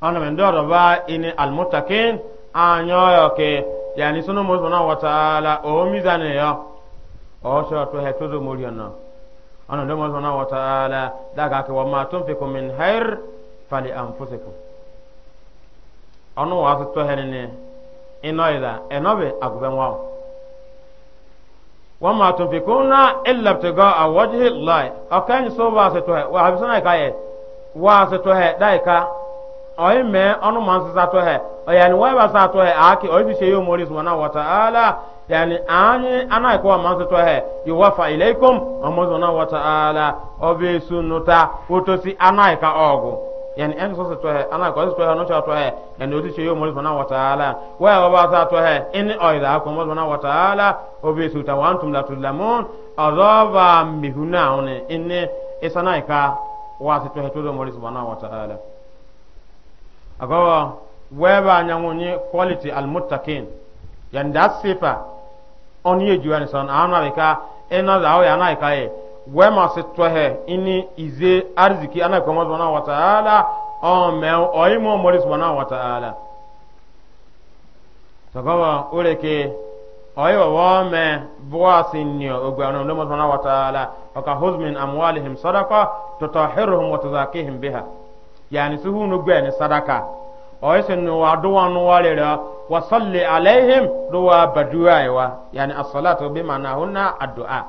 ono mendo ba ini almutakin anyo yoke okay. yani sunu mo sona wa taala o mizane ya o sho to he to do mo yana ana do mo sona wa taala daga ke wa ma tunfiku min khair fali anfusikum ono wa to he ne ino ila enobe agube wa wa ma tunfikuna illa a wajhi allah akan so ba se to he wa habisana e ka ye wa se to he dai ka o me onu man se to he yani wai ba sa to he aki oyi se yo mori subhanahu wa ta'ala yani ani ana e ko man so to he ilaikum wa ta'ala obe sunuta otosi ana e ka ogu yani en so to he ana e ko to he no to he yani odi se yo mori subhanahu wa ta'ala wai ba sa to he in ko wa ta'ala wa antum la tulamun ka wa to he to weba nyangonye quality al muttaqin yani da sifa on ye juwan son ana be ka ena da o yana ka e wema se tohe ini ize arziki ana ko mo wa taala o me o imo mo subhanahu wa taala ore ke wa me o no mo wa taala o ka amwalihim sadaqa wa tuzakihim biha yani gwa ni oisin wa duwa nuwalira wa salli alaihim duwa baduwa yani as-salatu bi ma'na hunna addu'a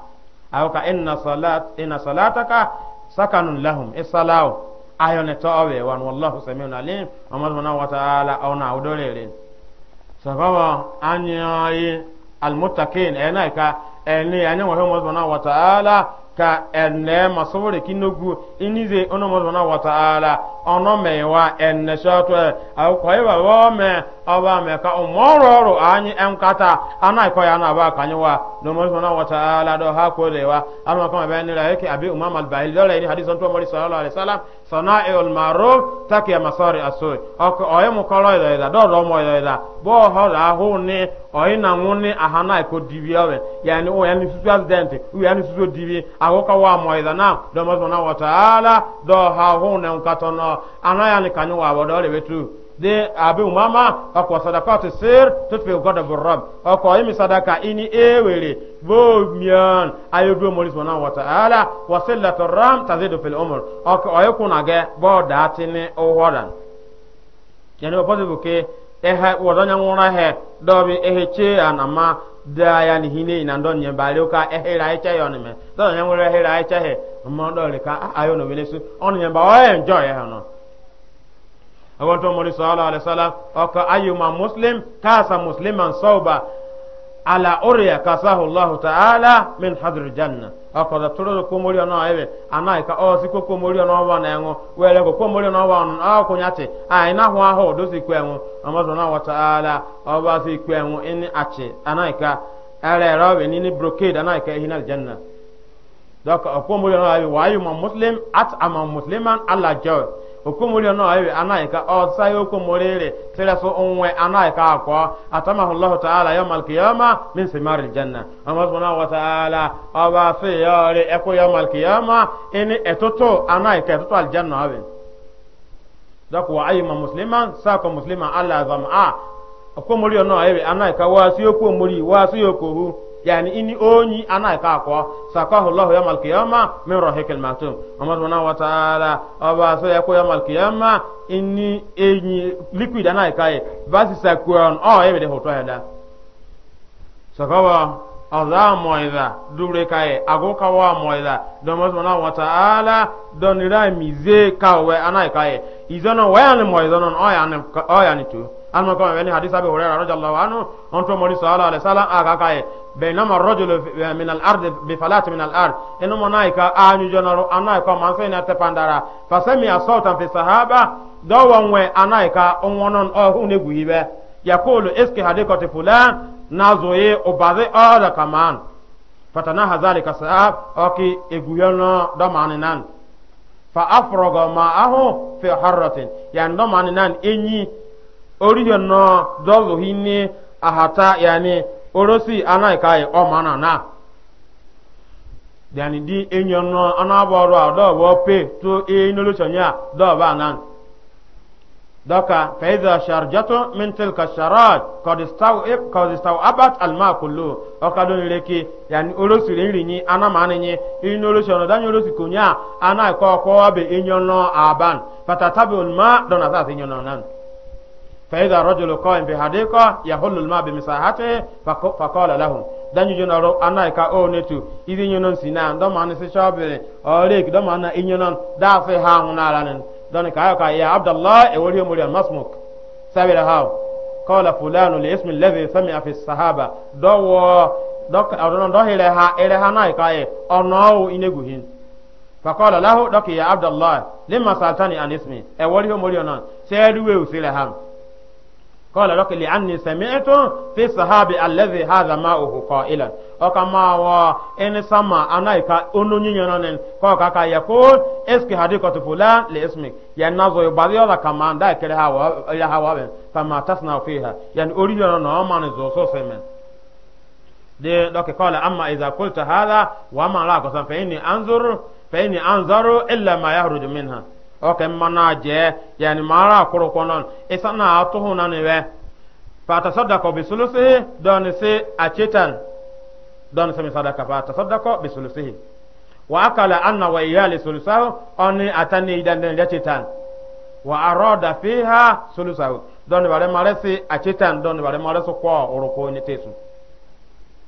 aw ka inna salat inna salataka sakanun lahum isalau ayone towe wan wallahu samiun alim amma subhanahu wa ta'ala awna udolere sababa anyi al-muttaqin enaika eni anyi wa wa ta'ala ka ene masore kinogu inize ono mo na wa taala ono mewa enne me ọba mẹka ọmọrọrọ anyị ẹnkata anaghịkọ ya na-aba akanye wa n'omọrịsọ na wata ala dọ ha kwere wa ama kama bẹ nira yake abi umar malbahil dọla yini hadisi ntọ mọri sallallahu alaihi wasallam sana el maro taki ya masori aso ọkọ ọyẹ mu kọrọ ilẹ ilẹ dọdọ ọmọ ilẹ ilẹ bọ ọhọ la ahụ ni ọyẹ na nwụ ni aha na ẹkọ dibi ọwẹ yẹni o yẹni susu accident o yẹni susu dibi akọkọ wa mọ ilẹ na dọmọsọ na wata ala dọ ha ahụ na nkatọ nọ ya ni kanye wa abọ dọla ewetu de abi mama ɔkɔ sadaka ti sir tutu gɔdɔ burɔb ɔkɔ imi sadaka ini ewere bo miyan ayo do mori sɔnna wata ala wasi lato ram taze do fili ɔmɔ ɔkɔ ɔye kunagɛ bɔ daati ni ɔwɔdan yanni o pɔsibu ke ehe wɔdɔnya ŋuna hɛ ehe tse anama daaya ni hine ina ni mɛ dɔnyɛ ŋuna ehe ra ɛkyɛ hɛ ɔmɔ dɔli ka ayo no wele su ɔnu nyɛ ba no. awon to mori sallallahu alaihi wasallam aka ayyuma muslim kasa musliman sauba ala uriya kasahu allah ta'ala min hadr janna aka da turu ko mori ona ebe ana ka o si ko mori ona wa na enwo wele ko mori ona wa na ko nyate ai na ho aho do si kwenwo amazo na wa ta'ala o ba si kwenwo ini ache ana ka ala rawe ni ni brocade ana ka hinal janna donc ko mori ona ebe wa ayyuma muslim at ama musliman ala jaw okomori ono ayi anaika o sai okomori re tira so onwe anaika akwa atamahu allah ta'ala yawm al-qiyama min simar al-janna amma subhanahu wa ta'ala aba fi yari eko yawm al-qiyama ini etoto anaika etoto al-janna awe dako wa ayi musliman sako musliman alla zam'a okomori ono ayi anaika wa si okomori wa si okohu yani ini onyi ana ka akwọ sakahu allah yawm qiyamah min rahik al matum wa taala aba so ya ko ma al qiyamah ini enyi liquid ana ka e basi sakuan o e be de hoto ya da sakawa Allah moida dure kai ago kawa moida don mo na wa taala don ra mize kawe ana kai izono wa ya ni moida non o ya ni o ya ni anu kama wani hadis abi hurairah radhiyallahu anhu on to mori sallallahu alaihi wasallam aga kai bainama ar-rajulu eh, min al-ard bi falat min al-ard inu monaika anyu jonaro anaika man sai na tepandara fasami asautan fi sahaba dawanwe anaika onwonon ohu ne yakulu iski hadikati fulan nazoye obaze ala kaman fatana hazalika sahab oki eguyono domaninan fa afroga ma ahu fi harratin yani domaninan enyi oriyo no dozu hinni ahata yani orosi anai kai o mana na yani di enyo no anaboro ado bo pe to e no lo chonya do ba nan doka fa idha sharjatu min tilka sharaj qad istawib qad e, istawabat al ma kullu o ka do reki yani orosi rinri ni anama ni ni no lo chono danyo orosi kunya anai ko ko be enyo no aban fatatabu al ma dona sa enyo no nan فإذا رجل قائم بحديقة يحل الماء بمساحته فقال لهم dan yujo naro ana ka o netu izi nyonon sina ndo man se shobere o lek do man na inyonon da fe ha huna lanen don ka ka ya abdullah e wori mo rian masmuk sabira ha qala fulan li ismi alladhi sami'a fi sahaba do wo قال لك لأني سمعت في الصحابي الذي هذا ماؤه قائلا وكما هو إن سمع أنا إكا أنوني ينانين كوكا كا يقول اسكي حديقة فلان لاسمك يعني نظر يبادي ولا كمان دا كلها إلها وابن فما تصنع فيها يعني أريد أن أمان زوصو سمين دي لك قال أما إذا قلت هذا وما لا قسم فإني أنظر فإني أنظر إلا ما يخرج منها oke mmana je yani mara akuru konon isa na atuhu na niwe fata sadako bi sulusihi don si achitan don si sadaka fata sadako bi sulusihi wa akala anna wa iyali sulusahu oni atani idan den achitan wa aroda fiha sulusahu don bare mare si achitan don bare mare su kwa uruko ni tesu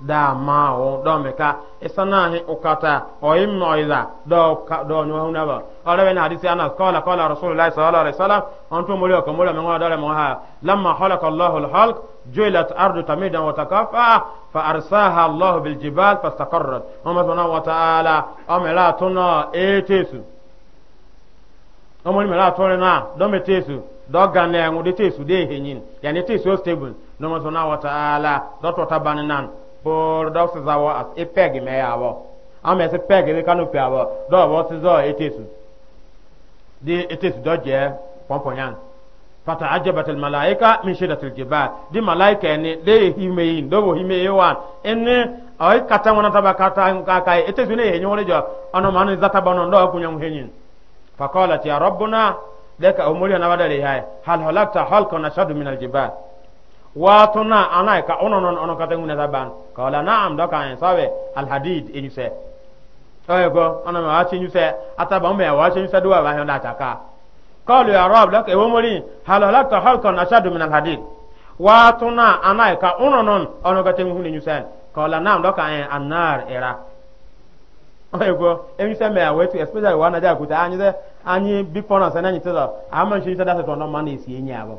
da ma o do me ka isana ni ukata o im o iza do ka do ni wa ba ala ben hadisi ana qala qala rasulullah sallallahu alaihi wasallam antu muri ko muri me ngada mo ha lamma khalaqa allah al khalq juilat ardu tamidan wa takafa fa arsaha allah bil jibal fastaqarrat amma subhanahu wa ta'ala amela tuna etesu amoni mela tuna na do me tesu do ganengu de tesu de henyin yani tesu stable no subhanahu wa ta'ala do to tabanan for dɔw sisan wɔ a e pɛgi mɛ a wɔ an mɛ se pɛgi bi kanu pɛ a wɔ dɔw wɔ sisan e te su di e te su dɔ jɛ pɔnpɔnyan fata ajabatal malaika min shiddatil jibal di malaika ni de hime yin do bo hime yewan enne ay kata wona taba kata ka kai ete zune ye nyone jo ono manu zata bano ndo kunya muhenyin faqalat ya rabbuna laka umuri na badali hay hal halakta halqan ashadu min al jibal wato na ana ka ono non ono kata nguna saban kala na'am do kan sabe al hadid en se oye go ana ma achi nyu se ataba me wa achi nyu se do wa hyo na taka kalu ya rab lak ewo mori halalakta halkan ashadu min al hadid wato na ana ka ono non ono kata nguna nyu se kala na'am do kan annar era oye go enyu se me wa tu especially wa na ja kuta anyi de anyi big bonus na nyi to da amma shi se da se to no man isi enyi abo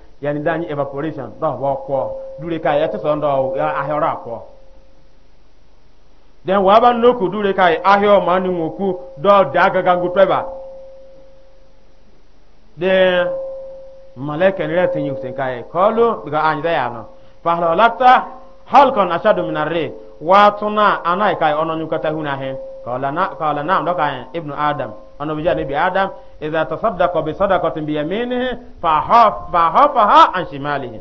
yani dani evaporation do wa ko dure ka ya tso ndo ahira ko den wa ban loku dure ka ahio mani woku do dagaga gutweba de malaika ni rete nyu sen kai kolo biga anja ya no fahla lakta halkon ashadu min arri wa tuna anai kai ononyu kata huna he na kala nam do kai ibnu adam ono bija ni bi adam idha tasaddaqa bi sadaqatin bi yaminihi fa haf ha hafaha an shimalihi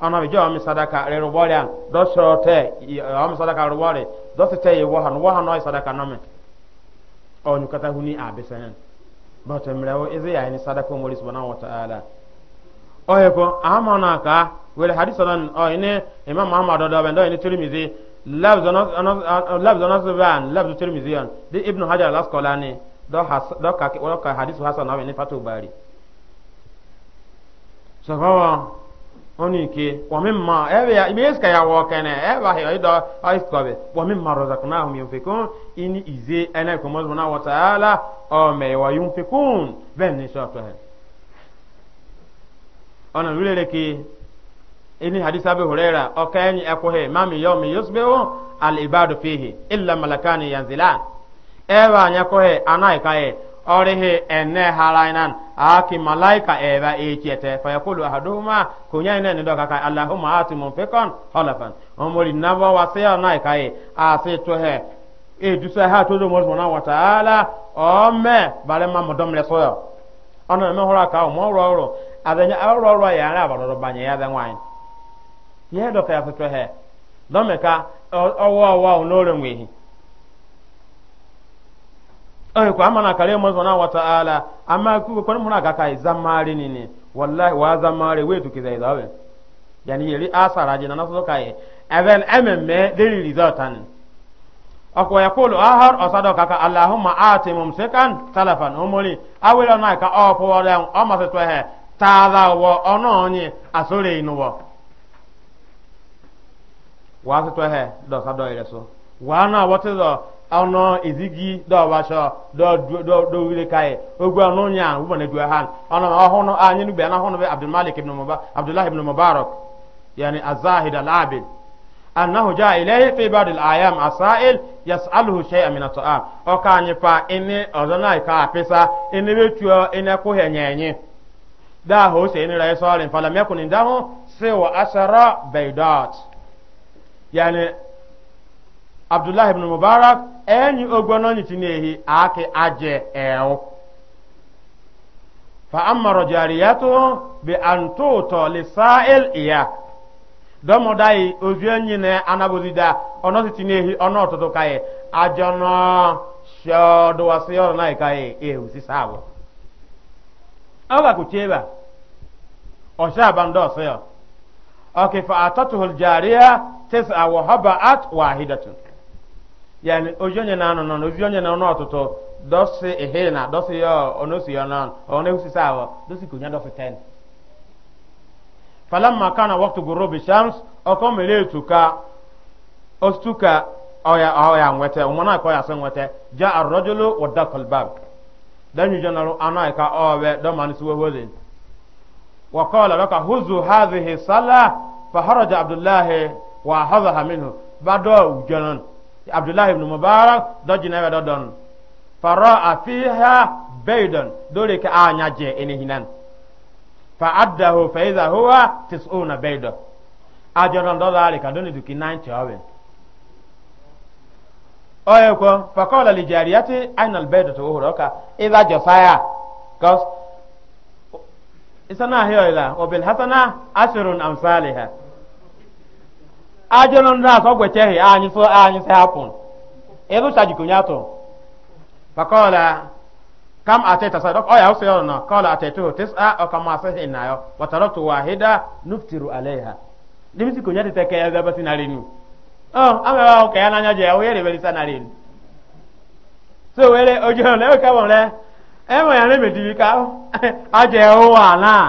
ono bija mi sadaqa re robolia an. shote o mi sadaqa robole do se tey wo han wo han o sadaqa nome o kata huni abesan but mrewo izi ya ni sadaqa mo subhanahu wa ta'ala o ye ko amana ka wel hadisanan o ine imam ahmad do ben do ine tirmizi labz anas labz anas ban labz tirmizi an di ibnu hajar al asqalani dɔ ka hadisu hasan awi ni fatu bari sɔfɔwɔ oni ke wɔmi ma ɛbi ya ibi esika ya wɔ kɛnɛ ɛba hɛ ɔyi dɔ ɔyi sikɔbi wɔmi ma rɔzakuna ahumi nfikun ini ize ɛnɛ kɔmɔzɔn na wɔtaala ɔmɛ wɔyi nfikun bɛn ni sɔtɔ yɛ ɔna lule de ke ini hadisa bi hurera ɔkɛnyi ɛkɔhɛ mami yɔmi yosibɛwo alibadu fihi illa malakani yanzilan. Ebe anya kohe anaika e orihi ene harainan aki malaika eba echete fa yakulu ahaduhuma kunya ina ni doka kai allahumma ati munfiqan halafan umuri nabo wasiya naika e ase to e dusa ha na wa taala o soyo ya ra ba banye ya be nwan ye doka ya he oyi ko amana kare mo zona wa ta'ala amma ku ko mun ga kai zamari ni ne wallahi wa zamari we to kizai zawe yani yeri asara jina naso kai even ememme deri resultan ako yakulu ahar osado kaka allahumma ati mumsikan talafan umuri awira na ka ofo oh, wa dan o oh, ma se to he taada wo ono onye asore inuwo wa se to he do sado so. wa na wote do ono izigi do basho do do do wile kai ogu ono nya wo na du han ono ma hono anyi nu be na hono be abdul malik ibn mubarak abdullah ibn mubarak yani azahid al abid annahu jaa ilayhi fi ba'd al ayam asail yas'aluhu shay'an min at'am o ka anyi fa ini ozona ka pesa ini betuo ini ko henyenye da ho se ini rai sorin fala mekun indahu sewa asara baydat yani abdullahi ibn mubarak enyi ogbono nyiti nehi aki aje ew fa amara jariyatu bi an tuto lisa'il iya domo dai ozi enyi ne anabodida ono siti nehi ono ototo kaye ajono shodo wasiyo na kaye ehu si sabo awa kucheba oshaban do ọ okay fa atatuhul jariya tis'a wa haba'at wahidatun yani onye na anon ojonye na ono ọtụtụ dosi ehe na dosi yo onosi yo non ono husi sawo dosi kunya dosi ten falamma kana waqtu ghurubi shams okomele tuka ostuka oya oya nwete umona ko ya so nwete ja arrajulu wa dakal bab danyu jonaru anaika owe do manisi wehoze wa qala laka huzu hadhihi sala fa haraja abdullah wa hadhaha minhu bado ujonan abdullahi ibn mubarak dojina wa dodon faro afiha baydon dole ka anya je ene hinan fa addahu fa idha huwa tis'una baydo ajodan do dalika doni duki 90 awen oye ko fa qala li jariyati aina al baydo to uhroka idha josaya cause isana hiyo ila wabil hasana ashrun amsalha ajọlọ ndị asọ gwecheghị anyị sọ anyị sị hapụ ịlụ chajikonye atụ fakọla kam ateta sa dọk ọya ụsọ na kọla atetu tisa ọkamasịghị na yọ watarọtụ wahida nuftiru alaiha dimisi konye atete ka ya zaba sinari nu ọ amara ahụ ka ya n'anya ji ya onye rebere sanari nu so were ojoro na ewe ka were enwe ya na emediri ka ajọ ya ụwa naa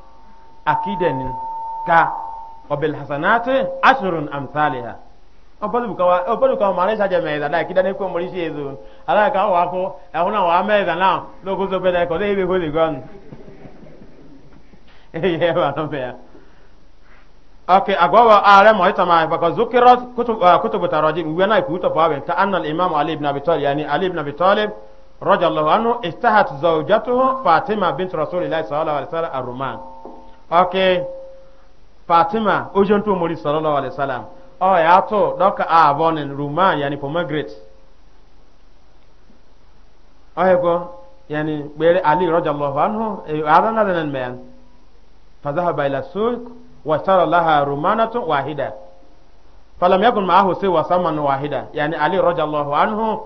akidanin ka wabil hasanati ashrun amsalha ọbọdụ bukawa ọbọdụ kawa mara ịsa jẹ mẹza náà kida n'ekwe mọrị isi ezo ala ka wa afọ ẹhụn na wa mẹza náà n'ogozo bẹrẹ kọ n'ebe holi gọn eyi ẹ wa nọ bẹya. ok agwawa ààrẹ mọ̀ ìtàmà ìfọ̀kọ̀ zukirọ kutubu tarọjì ìwé náà ìkú tọ̀pọ̀ àwẹ̀ ta annal imam ali ibn abi talib yani ali ibn abi talib rọjàlọ́hu anu istahat zawjatuhu fatima ok fatima ojon to mori sallallahu alaihi wasallam o oh, ya to doka a ah, bonin ruma yani pomegranate o oh, he go yani bere ali radiyallahu anhu eh, arana nan men fa dhahaba ila suq wa tara laha rumanatu wahida falam yakun ma'ahu sai wasaman wahida yani ali radiyallahu anhu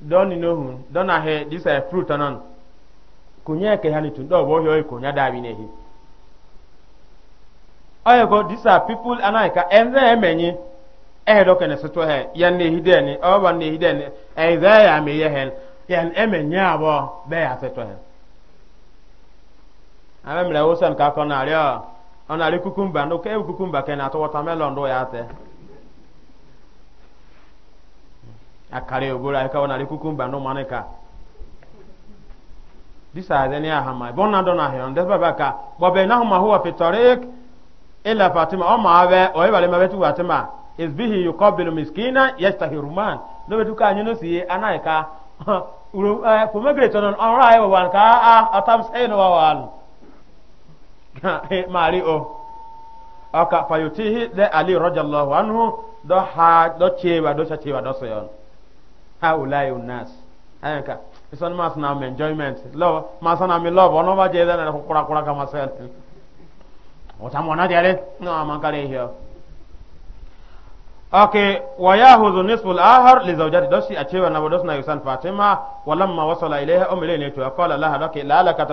don no don a he this a fruit anan kunya ke hani tun do bo yo kunya da bi nehi oye go these are people anaika enze emenyi ehedo kene soto he ya ne hideni oba ne hideni enze ya me ye hen ya emenyi abo be ya soto he ame mle osan ka ko na rio ona ri kukumba no ke kukumba ke na to watermelon do ya te akare ogora ka ona ri kukumba no manika these are the near hamai bonado na he on deba baka bobe na huma huwa fi tariq illa fatima o ma be o e bale ma betu fatima is bihi yuqabbilu miskina yastahiruman no betu ka nyino si ana ka uru eh ko megre tonon on ra e wan ka a atam se no wa wan mari o aka fayutihi de ali radiyallahu anhu do ha do cheba do cheba do soyon ha ulai unas anka ison mas na enjoyment love mas na mi love ono ba je da na kura kura kama sel utamwona yale no mankale hiyo okay wayahuzu nisfu al-ahar li zawjati dosi achewa na bodosna yusan fatima walamma wasala ilayha umile ne to qala laha doki la laka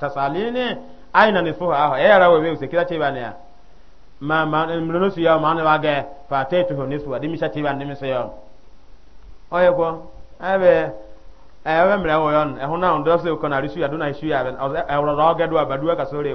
tasalini aina nisfu ahar era wewe usikira chewa ne ma ma mnunusi ya maana wage fatetu nisfu adimisha chewa ndimise yo oye ko abe ewe mre woyon ehuna ndosi ukona risu ya duna isu ya ben awro rogedu abadua kasore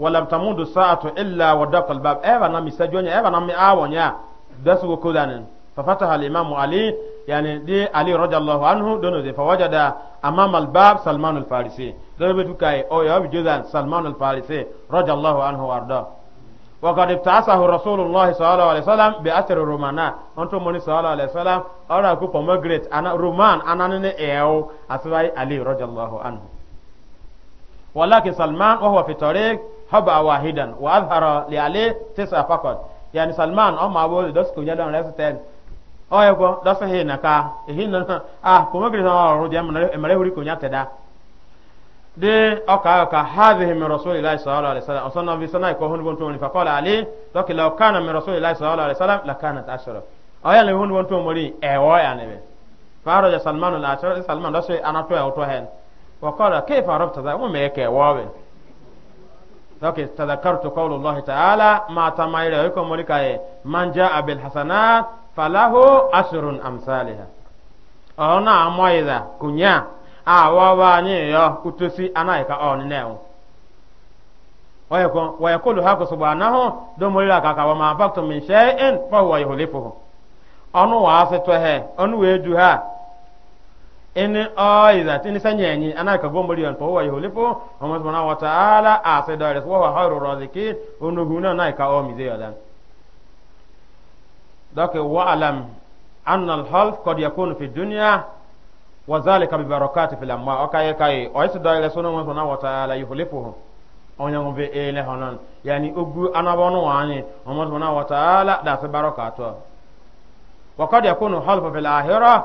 ولم tamudu الساعة إلا wadaqa albab eba na misajonya eba na mi awonya dasu kudanin ففتح الإمام علي يعني دي علي رضي الله عنه دون ذي فوجد أمام الباب سلمان الفارسي ضربت كاي أو يوم جذان سلمان الفارسي رضي الله عنه وارضاه وقد ابتعثه رسول الله صلى الله عليه وسلم بأثر رومانا أنتم من صلى الله عليه وسلم أرى كوبا مغريت أنا رومان أنا نني إيو أسوأي علي رضي الله عنه ولكن سلمان وهو في طريق haba wahidan wa azhara li ali tisa faqat yani salman o oh, ma bo dos ko jadon res ten o ye ko dos he na ka he na ah ko magri na oh, ro jam na mare huri ko nyata da de o ka ka hadhihi min rasulillahi sallallahu alaihi wasallam osona bi sanai ko hon bonto ni fa qala ali to ki law kana min rasulillahi sallallahu alaihi wasallam la kanat ashara o oh, ya le hon bonto mori e eh, o ya ne be faro ja salman al ashara salman dos ana to e o hen wa qala kayfa rabta za mu me ke wawen ok sadakartu qawlullahi ta'ala ma tamayra yako mulika e man jaa bil hasanat falahu asrun amsalha ona amoida kunya awawa ni yo kutusi anaika onneo wayakon wayakulu hako subhanahu do mulila kaka wa ma faktum min shay'in fa huwa yuhlifuhu onu wa asetu ha in oizat in sanyenyi ana ka go muriyon fa huwa yuhlifu wa subhanahu wa ta'ala asidaris wa huwa khairu razikin unuhuna na ka omi zai yadan dak wa alam anna al half qad yakunu fi dunya wa zalika bi barakati fil amma okay kai oh, oisidaris wa subhanahu wa ta'ala yuhlifuhu onyango be ele honon yani ogu anabono wani wa subhanahu wa ta'ala da se barakato wa qad yakunu halfu fil akhirah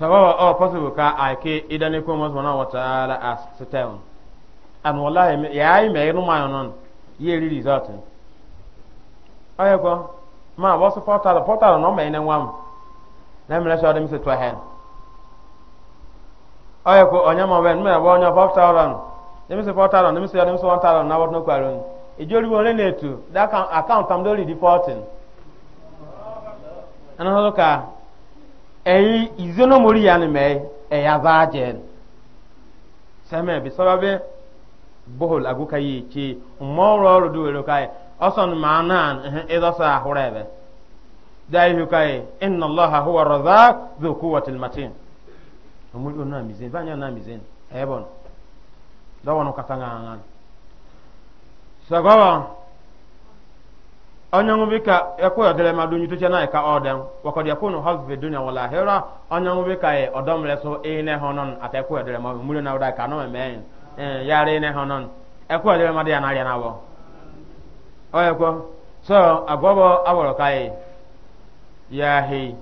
sababu o oh, possible ka ay ke idane ko mo subhanahu wa ta'ala as sitem an wallahi ya ay me no ma non ye ri result ayo ko ma bo so portal portal no me ne wam na me so de se to hen ayo ko onya ma wen me bo onya portal ran de mi se portal ran de se de so portal ran na wo no kwalun ijori wo ne netu da kan account am do reporting an ho ka eyi izonomori ya mɛ zaa sɛmɛ bohol yi tse mɔɔrɔ rodo wɛrɛ ka ɔsɔn maa ɛhɛn ɛdɔsɔ ahorɛ bɛ daayihu ka yi inna allah huwa razaq zo kuwatil matin omuli o naa mizin baa nyɛ ɛyɛ bɔn onyanwụ bika ekwe ọdịrị mmadụ nyụtụ che naị ka ọ dị wakọdị ekwe nụ ha zube dunya wala hera onyanwụ bika ya ọdọmre so ine ha nọn ata ekwe ọdịrị mmadụ mmiri na ụda ka nọ mmemme enyi ya e, rị ine ha nọn ekwe ọdịrị mmadụ ya na arịa na-awọ ọ ekwe so agwọbọ awọrọ ka ya e, ya he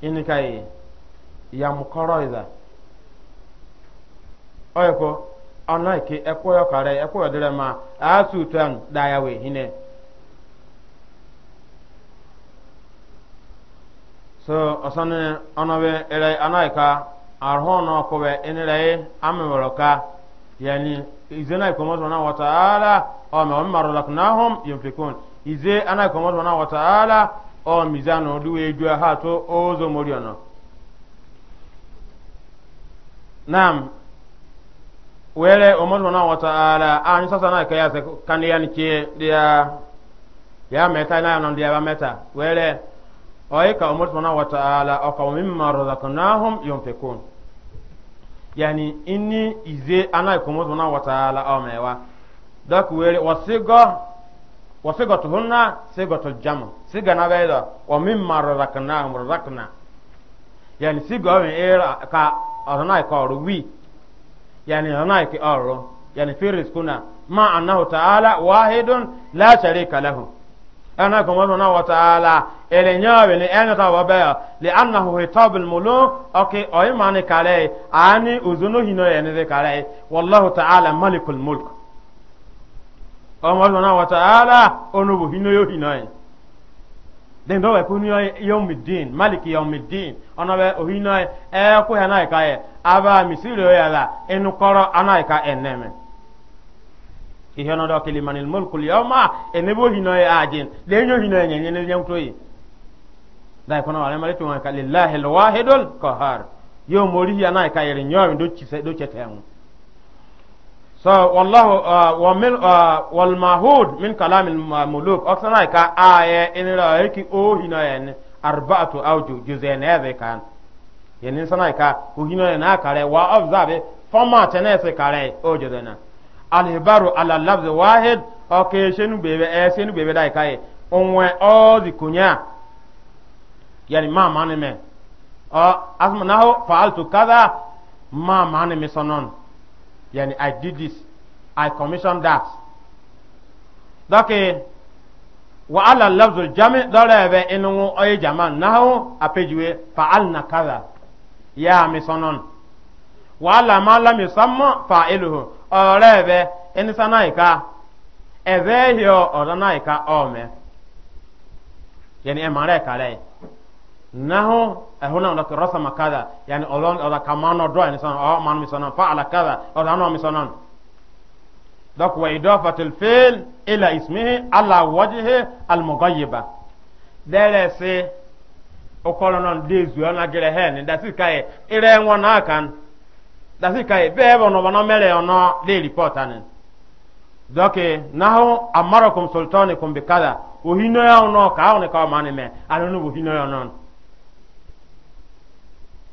ini ka ya e, ya mụkọrọ ịza ọ ekwe ana ke ekoyo kare ekoyo dire ma asu tan daya we hine so osane onabe ele anaika arhono kobe enere ameworoka yani izena ikomozo na wataala o me omaro laknahum yumfikun ize ana ikomozo na wataala o mizano duwe jua hato ozo moriono nam wele umar mana wata ala a ni sasa na kaya se kan ya ni ke dia ya meta na non dia ba meta wele oyi ka umar mana wata ala o ka mimma razaqnahum yunfikun yani inni ize ana ko umar mana wata ala o mewa dak wele wasiga wasiga tuhunna siga tul jam siga na baida wa mimma razaqnahum razaqna yani siga o era ka ona ko ruwi yani nanai ki oro yani fi rizquna ma annahu ta'ala wahidun la sharika lahu ana kuma mana wa ta'ala ele nyawe ni ena ta wa ba li annahu hitabul muluk okay oy mani kale ani uzunu hino yani de kale wallahu ta'ala malikul mulk Omar wa ta'ala onubu hino yo hinoye den dɔw bɛ ko ni yɔmidin maliki yɔmidin ɔnɔ bɛ o hinɛ ye ɛɛ ko yɛ n'a ye ka yɛ a b'a misiri yɛ yɛ la enu kɔrɔ a n'a ye ka ɛ nɛmɛ dɔ kele mani mɔli koli aw ma ɛ b'o hinɛ ye a jɛn den y'o hinɛ ye ɲɛ ne ɲɛ kulo ye da kɔnɔ wale mali tun ka lilahi lɔ waa hedol kɔhar yɔ mori yɛ n'a ye ka yɛrɛ ɲɔ min do cɛ tɛ yan so wallahu uh, wa min uh, wal mahud min kalam al muluk oksana ka aya in ra yake o hina yan arba'atu awju juzaina be kan yani sana ka o hina na kare wa afzabe format ne se kare o juzaina al hibaru ala lafz wahid o ke shenu bebe e shenu bebe dai kai e, onwe o dikunya yani ma mane me o asma nahu fa'altu kaza ma mane me sonon yani i did this i commissioned that dɔke wa ala lafzul jami dɔlɛ bɛ inu ɔye jama nahu apejuwe fa al na kaza ya mi sɔnɔn wa ala ma la mi sɔmɔ fa iluhu ɔlɛ bɛ inisa na yi ka ɛbɛ yɔ ɔdɔ na yi ka ɔmɛ yani ɛmɛ rɛ yi. naho ehuna ola rasa makada yani olon ola kamano do ni sana o ah, man mi sana faala kada o da no mi sana dak wa idafat al fil ila ismihi ala wajhi al mughayyiba dele se o kolo non dezu ona gere he ni dasi kai ire won na kan dasi kai be bo no bana mele ono de report anen doke naho amarakum sultanikum ya ono ka ono mani me anu no ohino ya ono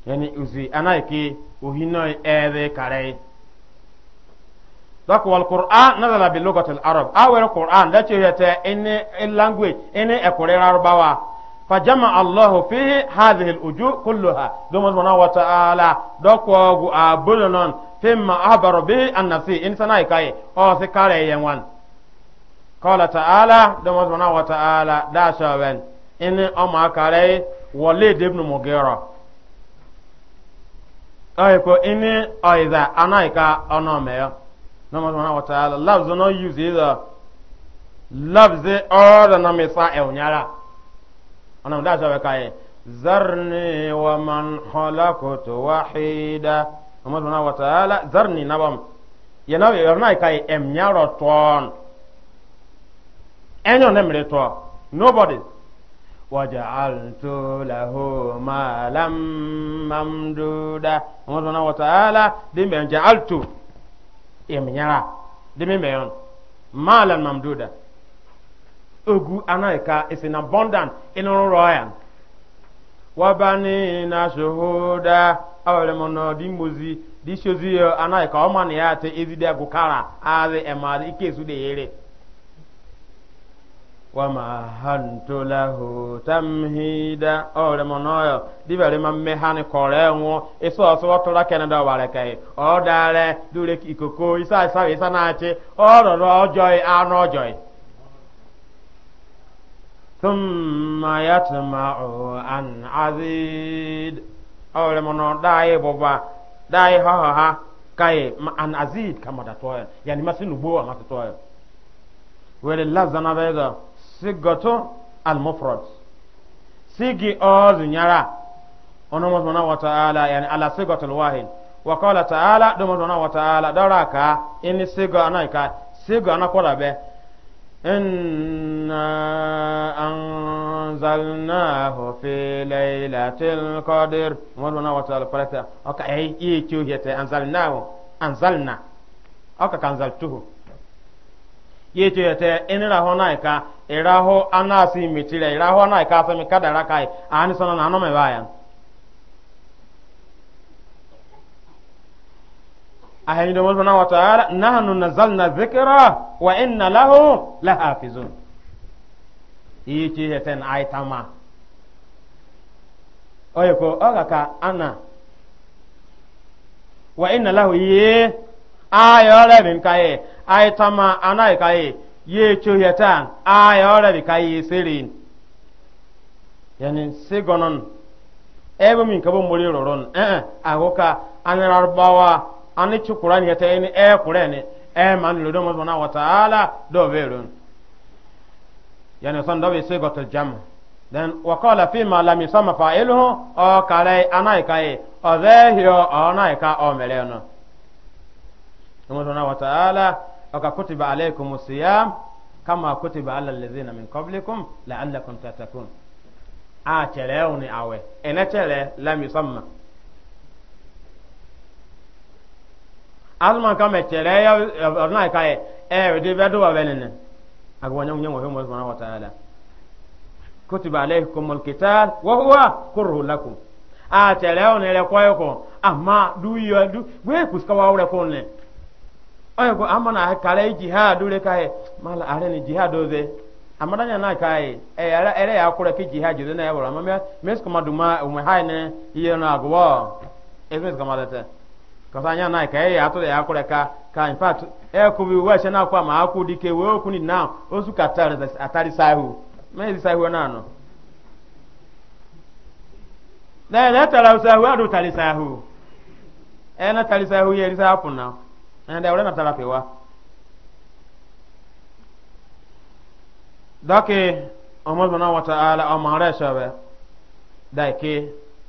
yani uzi ana ke uhino ebe kare dak wal qur'an nazala bi lugati al arab awel qur'an da ce yata in language in e kore arabawa fa jama allah fihi hadhihi al uju kulluha dum subhana wa ta'ala dako gu abunan thumma ahbara bi an nafsi in sana kai o se kare yanwan qala ta'ala dum subhana wa ta'ala da shawen in o ma kare walid ibn mughira oye ko ini oiza anaika ono meyo nomo subhana wa ta'ala lafz no use either lafz or na misa e unyara ona mda sabe kai zarni wa man khalaqtu wahida nomo subhana wa ta'ala zarni nabam yana yana kai e, emnyaro ton enyo nemre to nobody وجعلت له مالا ممدودا الله سبحانه وتعالى دي من جعلت يمنيرا دي من مالا ممدودا ogu anaika is in abundant in royal wabani na shuhuda awale mono di mozi anaika o man ya te ezide gukara ari emari ikesu de yere ومهنت له تمهيدا أول منايا دي بري ما مهان كوريو إسوا سوا تلا كندا واركاي أو دار دولك إكوكو إسا إسا إسا ناتي أو رو جوي أنو جوي ثم يطمع أن عزيد أول منايا داي بابا داي ها ها ها كاي أن عزيد كما تتوين يعني ما سنبوه ما تتوين ولله زنا بيضا sigatu almufrad sigi ozu nyara ono mo subhanahu wa ta'ala yani ala sigatu alwahid wa qala ta'ala do mo subhanahu wa ta'ala daraka in sigo anaika sigo anakola be إنا أنزلناه في ليلة القدر مولانا وتعالى فلتا أوكا أي إيه تشوهيتي أنزلناه أنزلنا أوكا كنزلته yeto yete enira ho naika ira e ho anasi mitire ira e ho naika asami kadara kai ani sana na anome baya ahani do mo na wa taala nahnu nazalna dhikra wa inna lahu lahafizun yeto yete aitama oyeko ogaka ana wa inna lahu ye aya ore bin kaye ay tama anai kaye ye chuhetan aya ore bi kaye sirin yani sigonon ebe min kabo mori roron eh, eh. agoka anarbawa ani chukuran yata ini e kurene e man lodo mo na wa taala do verun then fi ma ọ ka e. subhanahu wa ta'ala aka kutiba alaykum siyam kama kutiba ala alladhina min qablikum la'allakum tatakun a chere ni awe ene chere la misamma azman kama chere ya orna kai e de bedo wa benene agwanya nyengo hemo subhanahu wa ta'ala kutiba alaykum alqital wa huwa kurhu lakum a chere ni le koyoko amma du yo du we kuskawa ure konne oye ko amana kala jihad ule kai mala are ni jihad oze amana nya na kai e ara ere ya kure ki jihad oze na yawara mamia mes kuma duma umwe haine iye na agwa e mes kuma lete kasa nya na kai e, ya to ya kure ka ka in fact e ku bi wa shana kwa ma aku dike we oku ni na osu katare atari sahu me sahu na no e, na na tara sahu adu tari sahu e na tari sahu ye ri sahu na ɛnɛdɛ wɛrɛ natara fɛ wa dɔke ɔmɔ zɔnna wata ala ɔmɔ rɛ sɛbɛ daike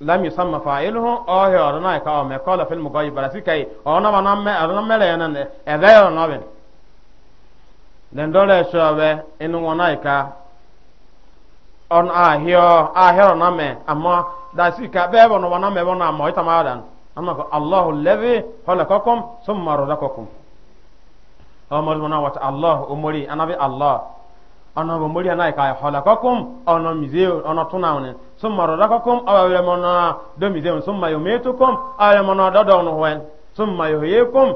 lam yusamma fa'iluhu ɔhɛ ɔrɔna ka ɔmɛ kɔla fil mugɔyi barasi kai ɔrɔna ma nan mɛ ɔrɔna mɛlɛ yɛn nɛ ɛvɛ yɔrɔ nɔbɛn lɛndɔrɛ sɛbɛ inu wɔna ka ɔn ahiyɔ ahiyɔ ɔrɔna mɛ amma dasi ka bɛɛ bɔ nɔbɔ na mɛ bɔ na mɔ itama yɔrɔ amma ko allahu levi halakakum summa razaqakum amma zuna wa allah umuri anabi allah ana bo muri anai kai halakakum ana mize ana tunawne summa razaqakum awale mona do mize summa yumitukum awale mona do do no wen summa yuhyikum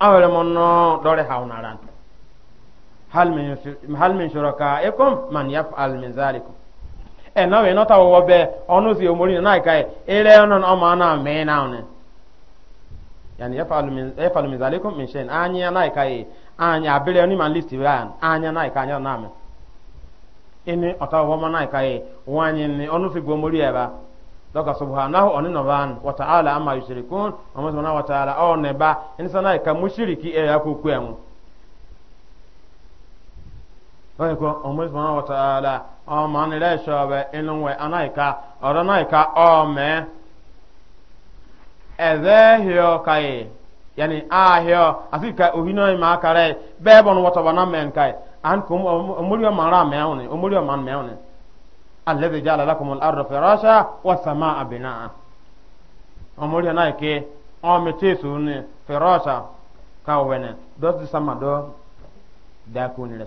awale mona do re haunaran hal min hal min shurakaikum man yaf'al min zalikum ɛnna wee n'ọta wɔwɔ bɛ ɔno si omori na naika yi ere ɔno na ɔmo ana na ɔne yanni ɛfalu mizalikum minhyɛn anya naika yi anya abiri ɛni ma list ran anya naika anya na mɛ ɛni ɔta wɔwɔ ma anyị yi wɔnyi ni si gbomori subhanahu wata ala ama yusirikun wata ala mushiriki e lọ́yìn kó ọmọdé sọ̀rọ̀ wọ́n tààlà ọmọ nílẹ̀ ìṣọ̀bẹ̀ inú wẹ̀ anáìka ọ̀rọ̀ ka òhìn náà máa kàrẹ́ bẹ́ẹ̀ bọ̀ ní wọ́tọ̀ bọ̀ náà mẹ́rin kàyè àwọn kò ọmọdé ọmọ ara mẹ́rin ni ọmọdé ọmọ mẹ́rin ni alẹ́dẹ̀ jẹ́ ni ni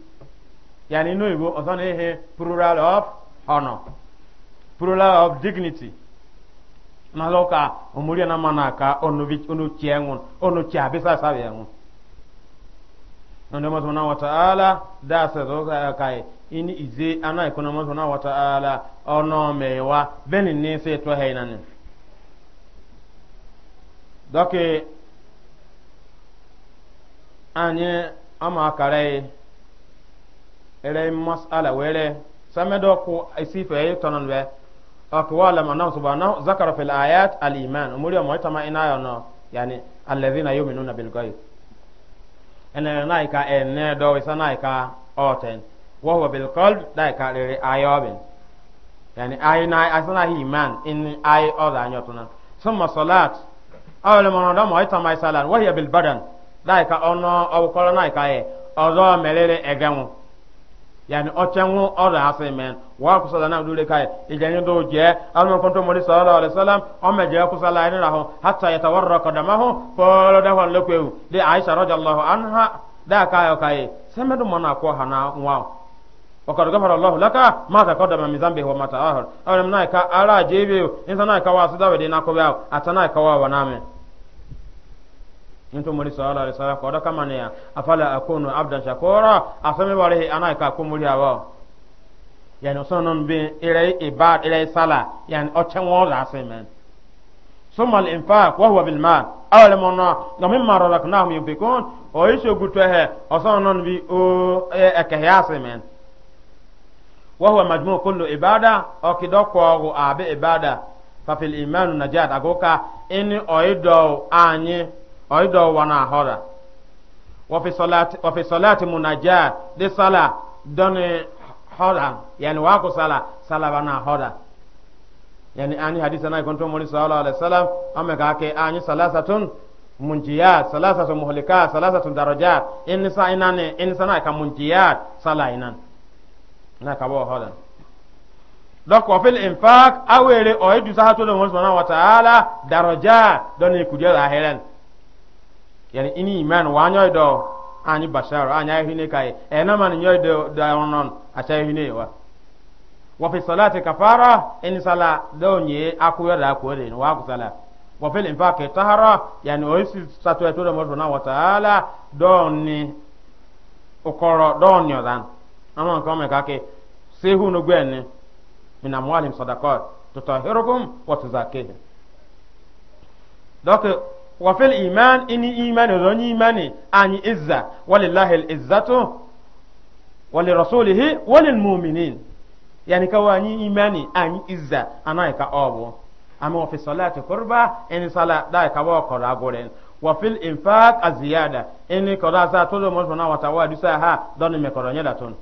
yani inú ìbò ọzọ na ihe plural of honor plural of dignity na lọ́ka òmùrí ẹ̀nà máa nàka onúchi ẹ̀wọ̀n onúchi àbísà sábẹ̀ ẹ̀wọ̀n ndọ́mọ̀ sọ̀rọ̀ náà wọ́ta ààlà dáàsẹ̀ lọ́ka ẹ̀ka ẹ̀ ini ìzé aná ìkọ́nọ́mọ̀ na náà wọ́ta ààlà ọ̀nà benin bẹ́ẹ̀ni ní sí ètò na ni anyị ama akara ere mas'ala were samedo ko isifa yi tonon we akwa la mana subhanahu zakara fil ayat al iman umuri mo tama ina yo no yani alladhina yu'minuna bil ghaib ene naika ene do isa naika oten wa huwa bil qalb daika rere ayobin yani ayina asana hi iman in ay oda nyotuna summa salat awle mo do mo tama salat wa hiya bil badan daika ono awkoro naika e ozo melele egenwu yani ɔkyɛnwo ɔda ase mɛn wɔn akusala naa dure kae ìjɛnyi do jɛ alima kɔntɔ mɔri sɔlɔ alayi salam o jɛ kusala ayi nira ho hata yɛ tawarra kɔdama ho fɔlɔ da hɔn lekewu de aisha rɔja allahu anha daa kaayɔ kae sɛmɛ do mɔna kɔ hana ŋwa ɔkɔdɔ gafara allahu laka maata kɔdama mizan bi hɔ mata ahɔr ɔrɛm naa ka ara jebe nsa naa ka waa sidawe de naa kɔ bɛ a ata naa ka waa wa naa mɛ. nto mori sallallahu alaihi wasallam kodo kamane ya afala akunu abdan shakura asami wale ana ka kumuri awo yani sonon bi ire ibad ire sala yani o chenwo la semen summa al infaq wa huwa bil mal awle mona no mimma razaqnahum yunfikun o isho gutwehe o sonon bi o e, eke ya semen wa huwa majmu kullu ibada o kidoko abe ibada fa fil iman najat agoka ini oido oido wana hora wafi salati wafi salati munajat de sala doni hora yani wako sala sala wana hora yani ani hadisa na ikonto muri sallallahu alaihi wasallam amma ka ke ani salasatun munjiyat salasatun muhlikat salasatun darajat in sa inane in sana ka munjiyat sala inan na ka bo hora donc wa fil infaq awere o edu sahato do mun subhanahu wa ta'ala darajat doni kujera helen yani ini iman wa nyoy do ani bashar anya hine kai e na man nyoy do da onon acha hine wa wa fi salati kafara in sala do nye akuyo da akuyo wa ku sala wa fil infaqi tahara yani o isi satu eto do mo na wa taala do ni okoro do nyo dan amon ko kake sehu no gwen min amwalim sadaqat tutahirukum wa tuzakihim donc wafil iman ini imani ron imani anyi izza walillahi al-izzatu wali rasulihi walil mu'minin yani ka wani imani anyi izza anai ka obo ama wa fi salati qurba in sala da ka wa qara goren wa fil infaq aziyada in ko da sa to mo sona wa tawadu sa ha don me koronya da ton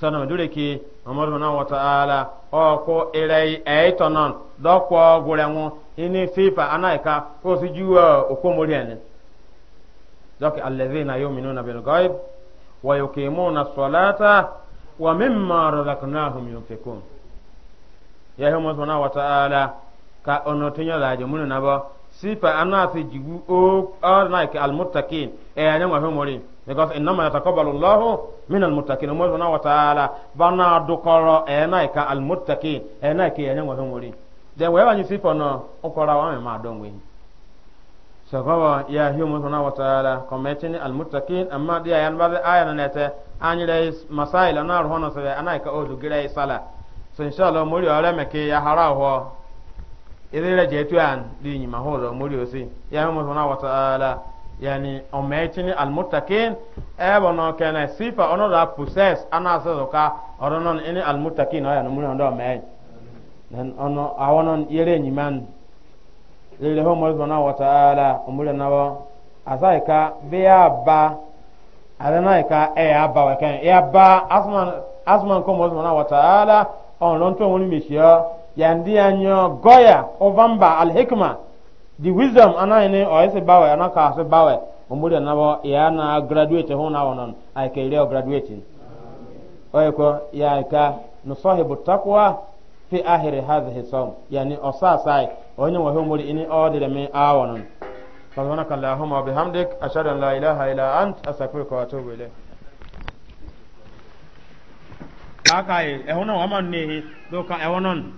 sana dure ki amadu na wa ta'ala o ko irai ay tonon do ko gorenwo ini fifa anaika ko su juwa okomori ene donc allazina yu'minuna bil ghaib wa yuqimuna as-salata wa mimma razaqnahum yunfikun ya hemo sona wa ta'ala ka ono tinya da je mun na ba sifa ana fi jigu o anaika al muttaqin e ya nyama homori because innama yataqabbalu Allahu min al muttaqin mo sona wa ta'ala bana dukoro e naika al muttaqin e naika ya nyama homori then wherever you see for no okora wa ma don we Baba, ya hiyo mu sana wa taala committing al muttaqin amma dia yan ba aya na nete anyire masail na ro no se anai ka ozu gire sala so inshallah muri ore meke ya hara ho irere jetu an di nyima ho ro muri osi ya hiyo mu sana wa yani ometin al muttaqin e bono kana sifa ono da possess ana so ka oro non ini no muri ndo me nan ono awonon yere nyiman lele ho mo subhanahu wa ala ah, umule nawo asai ka be aba adana ka e aba wa kan e aba asman asman ko mo na wa ah, eh, ah, eh, ta'ala on lon to woni mishiya anyo goya ovamba al hikma Di wisdom ana o ese ana ka na ya na graduate eh, ho na wonon ai ke graduating oyeko ya ka nusahibu taqwa fi ahiri hadhihi sawm yani osasai onye wa ini odire mi awonon subhanaka allahumma wa bihamdik ashhadu an la ilaha ant astaghfiruka wa atubu ilayk akai ehuna wa man do ka ewonon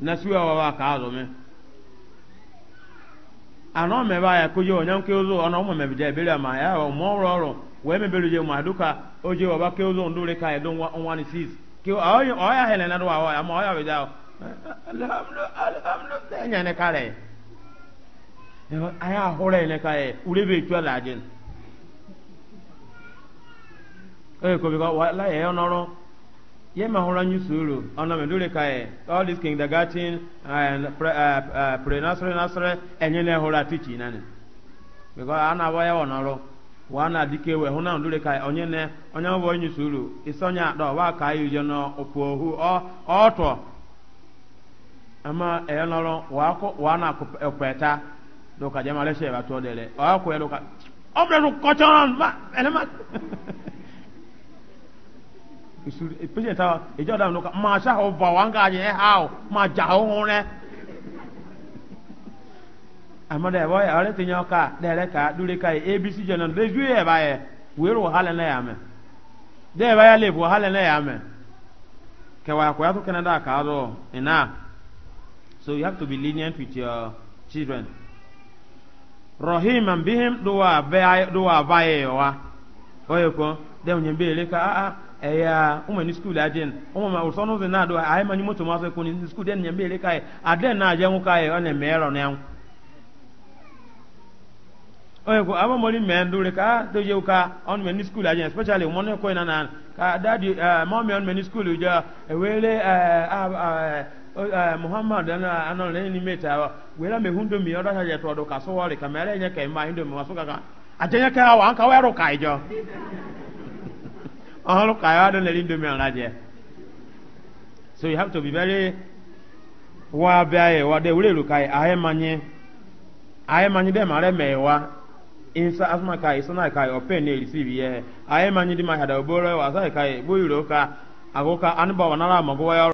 nasiwa wa ka azumi ano me ba ya kujo onyan ke uzu ono mo me ya mo ro ro we ke ka ki oyo hele na ruwa ma mo oya bidao alhamdu alhamdu tenya ne kare aya hore ne kare urebe tu alajin e ko bi ko wala ye onoro ye ma hora nyu suru ona me dure all this king pre uh, uh, pre e, ne ana wa ya wa na adike we hụna ndure onye ne onye onye suru ka ije n'ụpụ ohu ọtọ ama enọrọ wa na akụpeta e, doka jama leshe ba to dele o ko elo ka o bre ru ko chon ma ele pese ta ka ba ma ja amada ya boy are tinyo ka dere ka dure kai e, abc jonan reju ya baye wero hala na ya me de ba ya lebu hala na ya me ke wa ko yato canada ka do ina so you have to be lenient with your children rahiman bihim duwa baye duwa baye wa oyo ko de onye bere ka a a eya ụmụ ni skul adịn ụmụ ma ụsọ n'ụzọ na-adụ anyị e, ma nye moto masị kwụ ni skul dị nye mbere ka anyị e, adịn na-aja ka anyị ọ na-eme erọ na oye ko aba mori men dure ka do je ka on men school ajen especially mon ko ina na ka dadi eh, mom on men school uja wele eh, ah, ah, eh, muhammad na ana le ni meta wele me hundo mi ora haje to do ka so wori ka mere nye ma hindo mi ka ajenye ka wa an ka wero ka ijo on ka ya do wa de kai ahe manye ahe manye de mare insa asma kai sana kai open ne receive ye ayi manyi di ma hada oboro wa sai kai bo yuro ka agoka anba wanara mago wa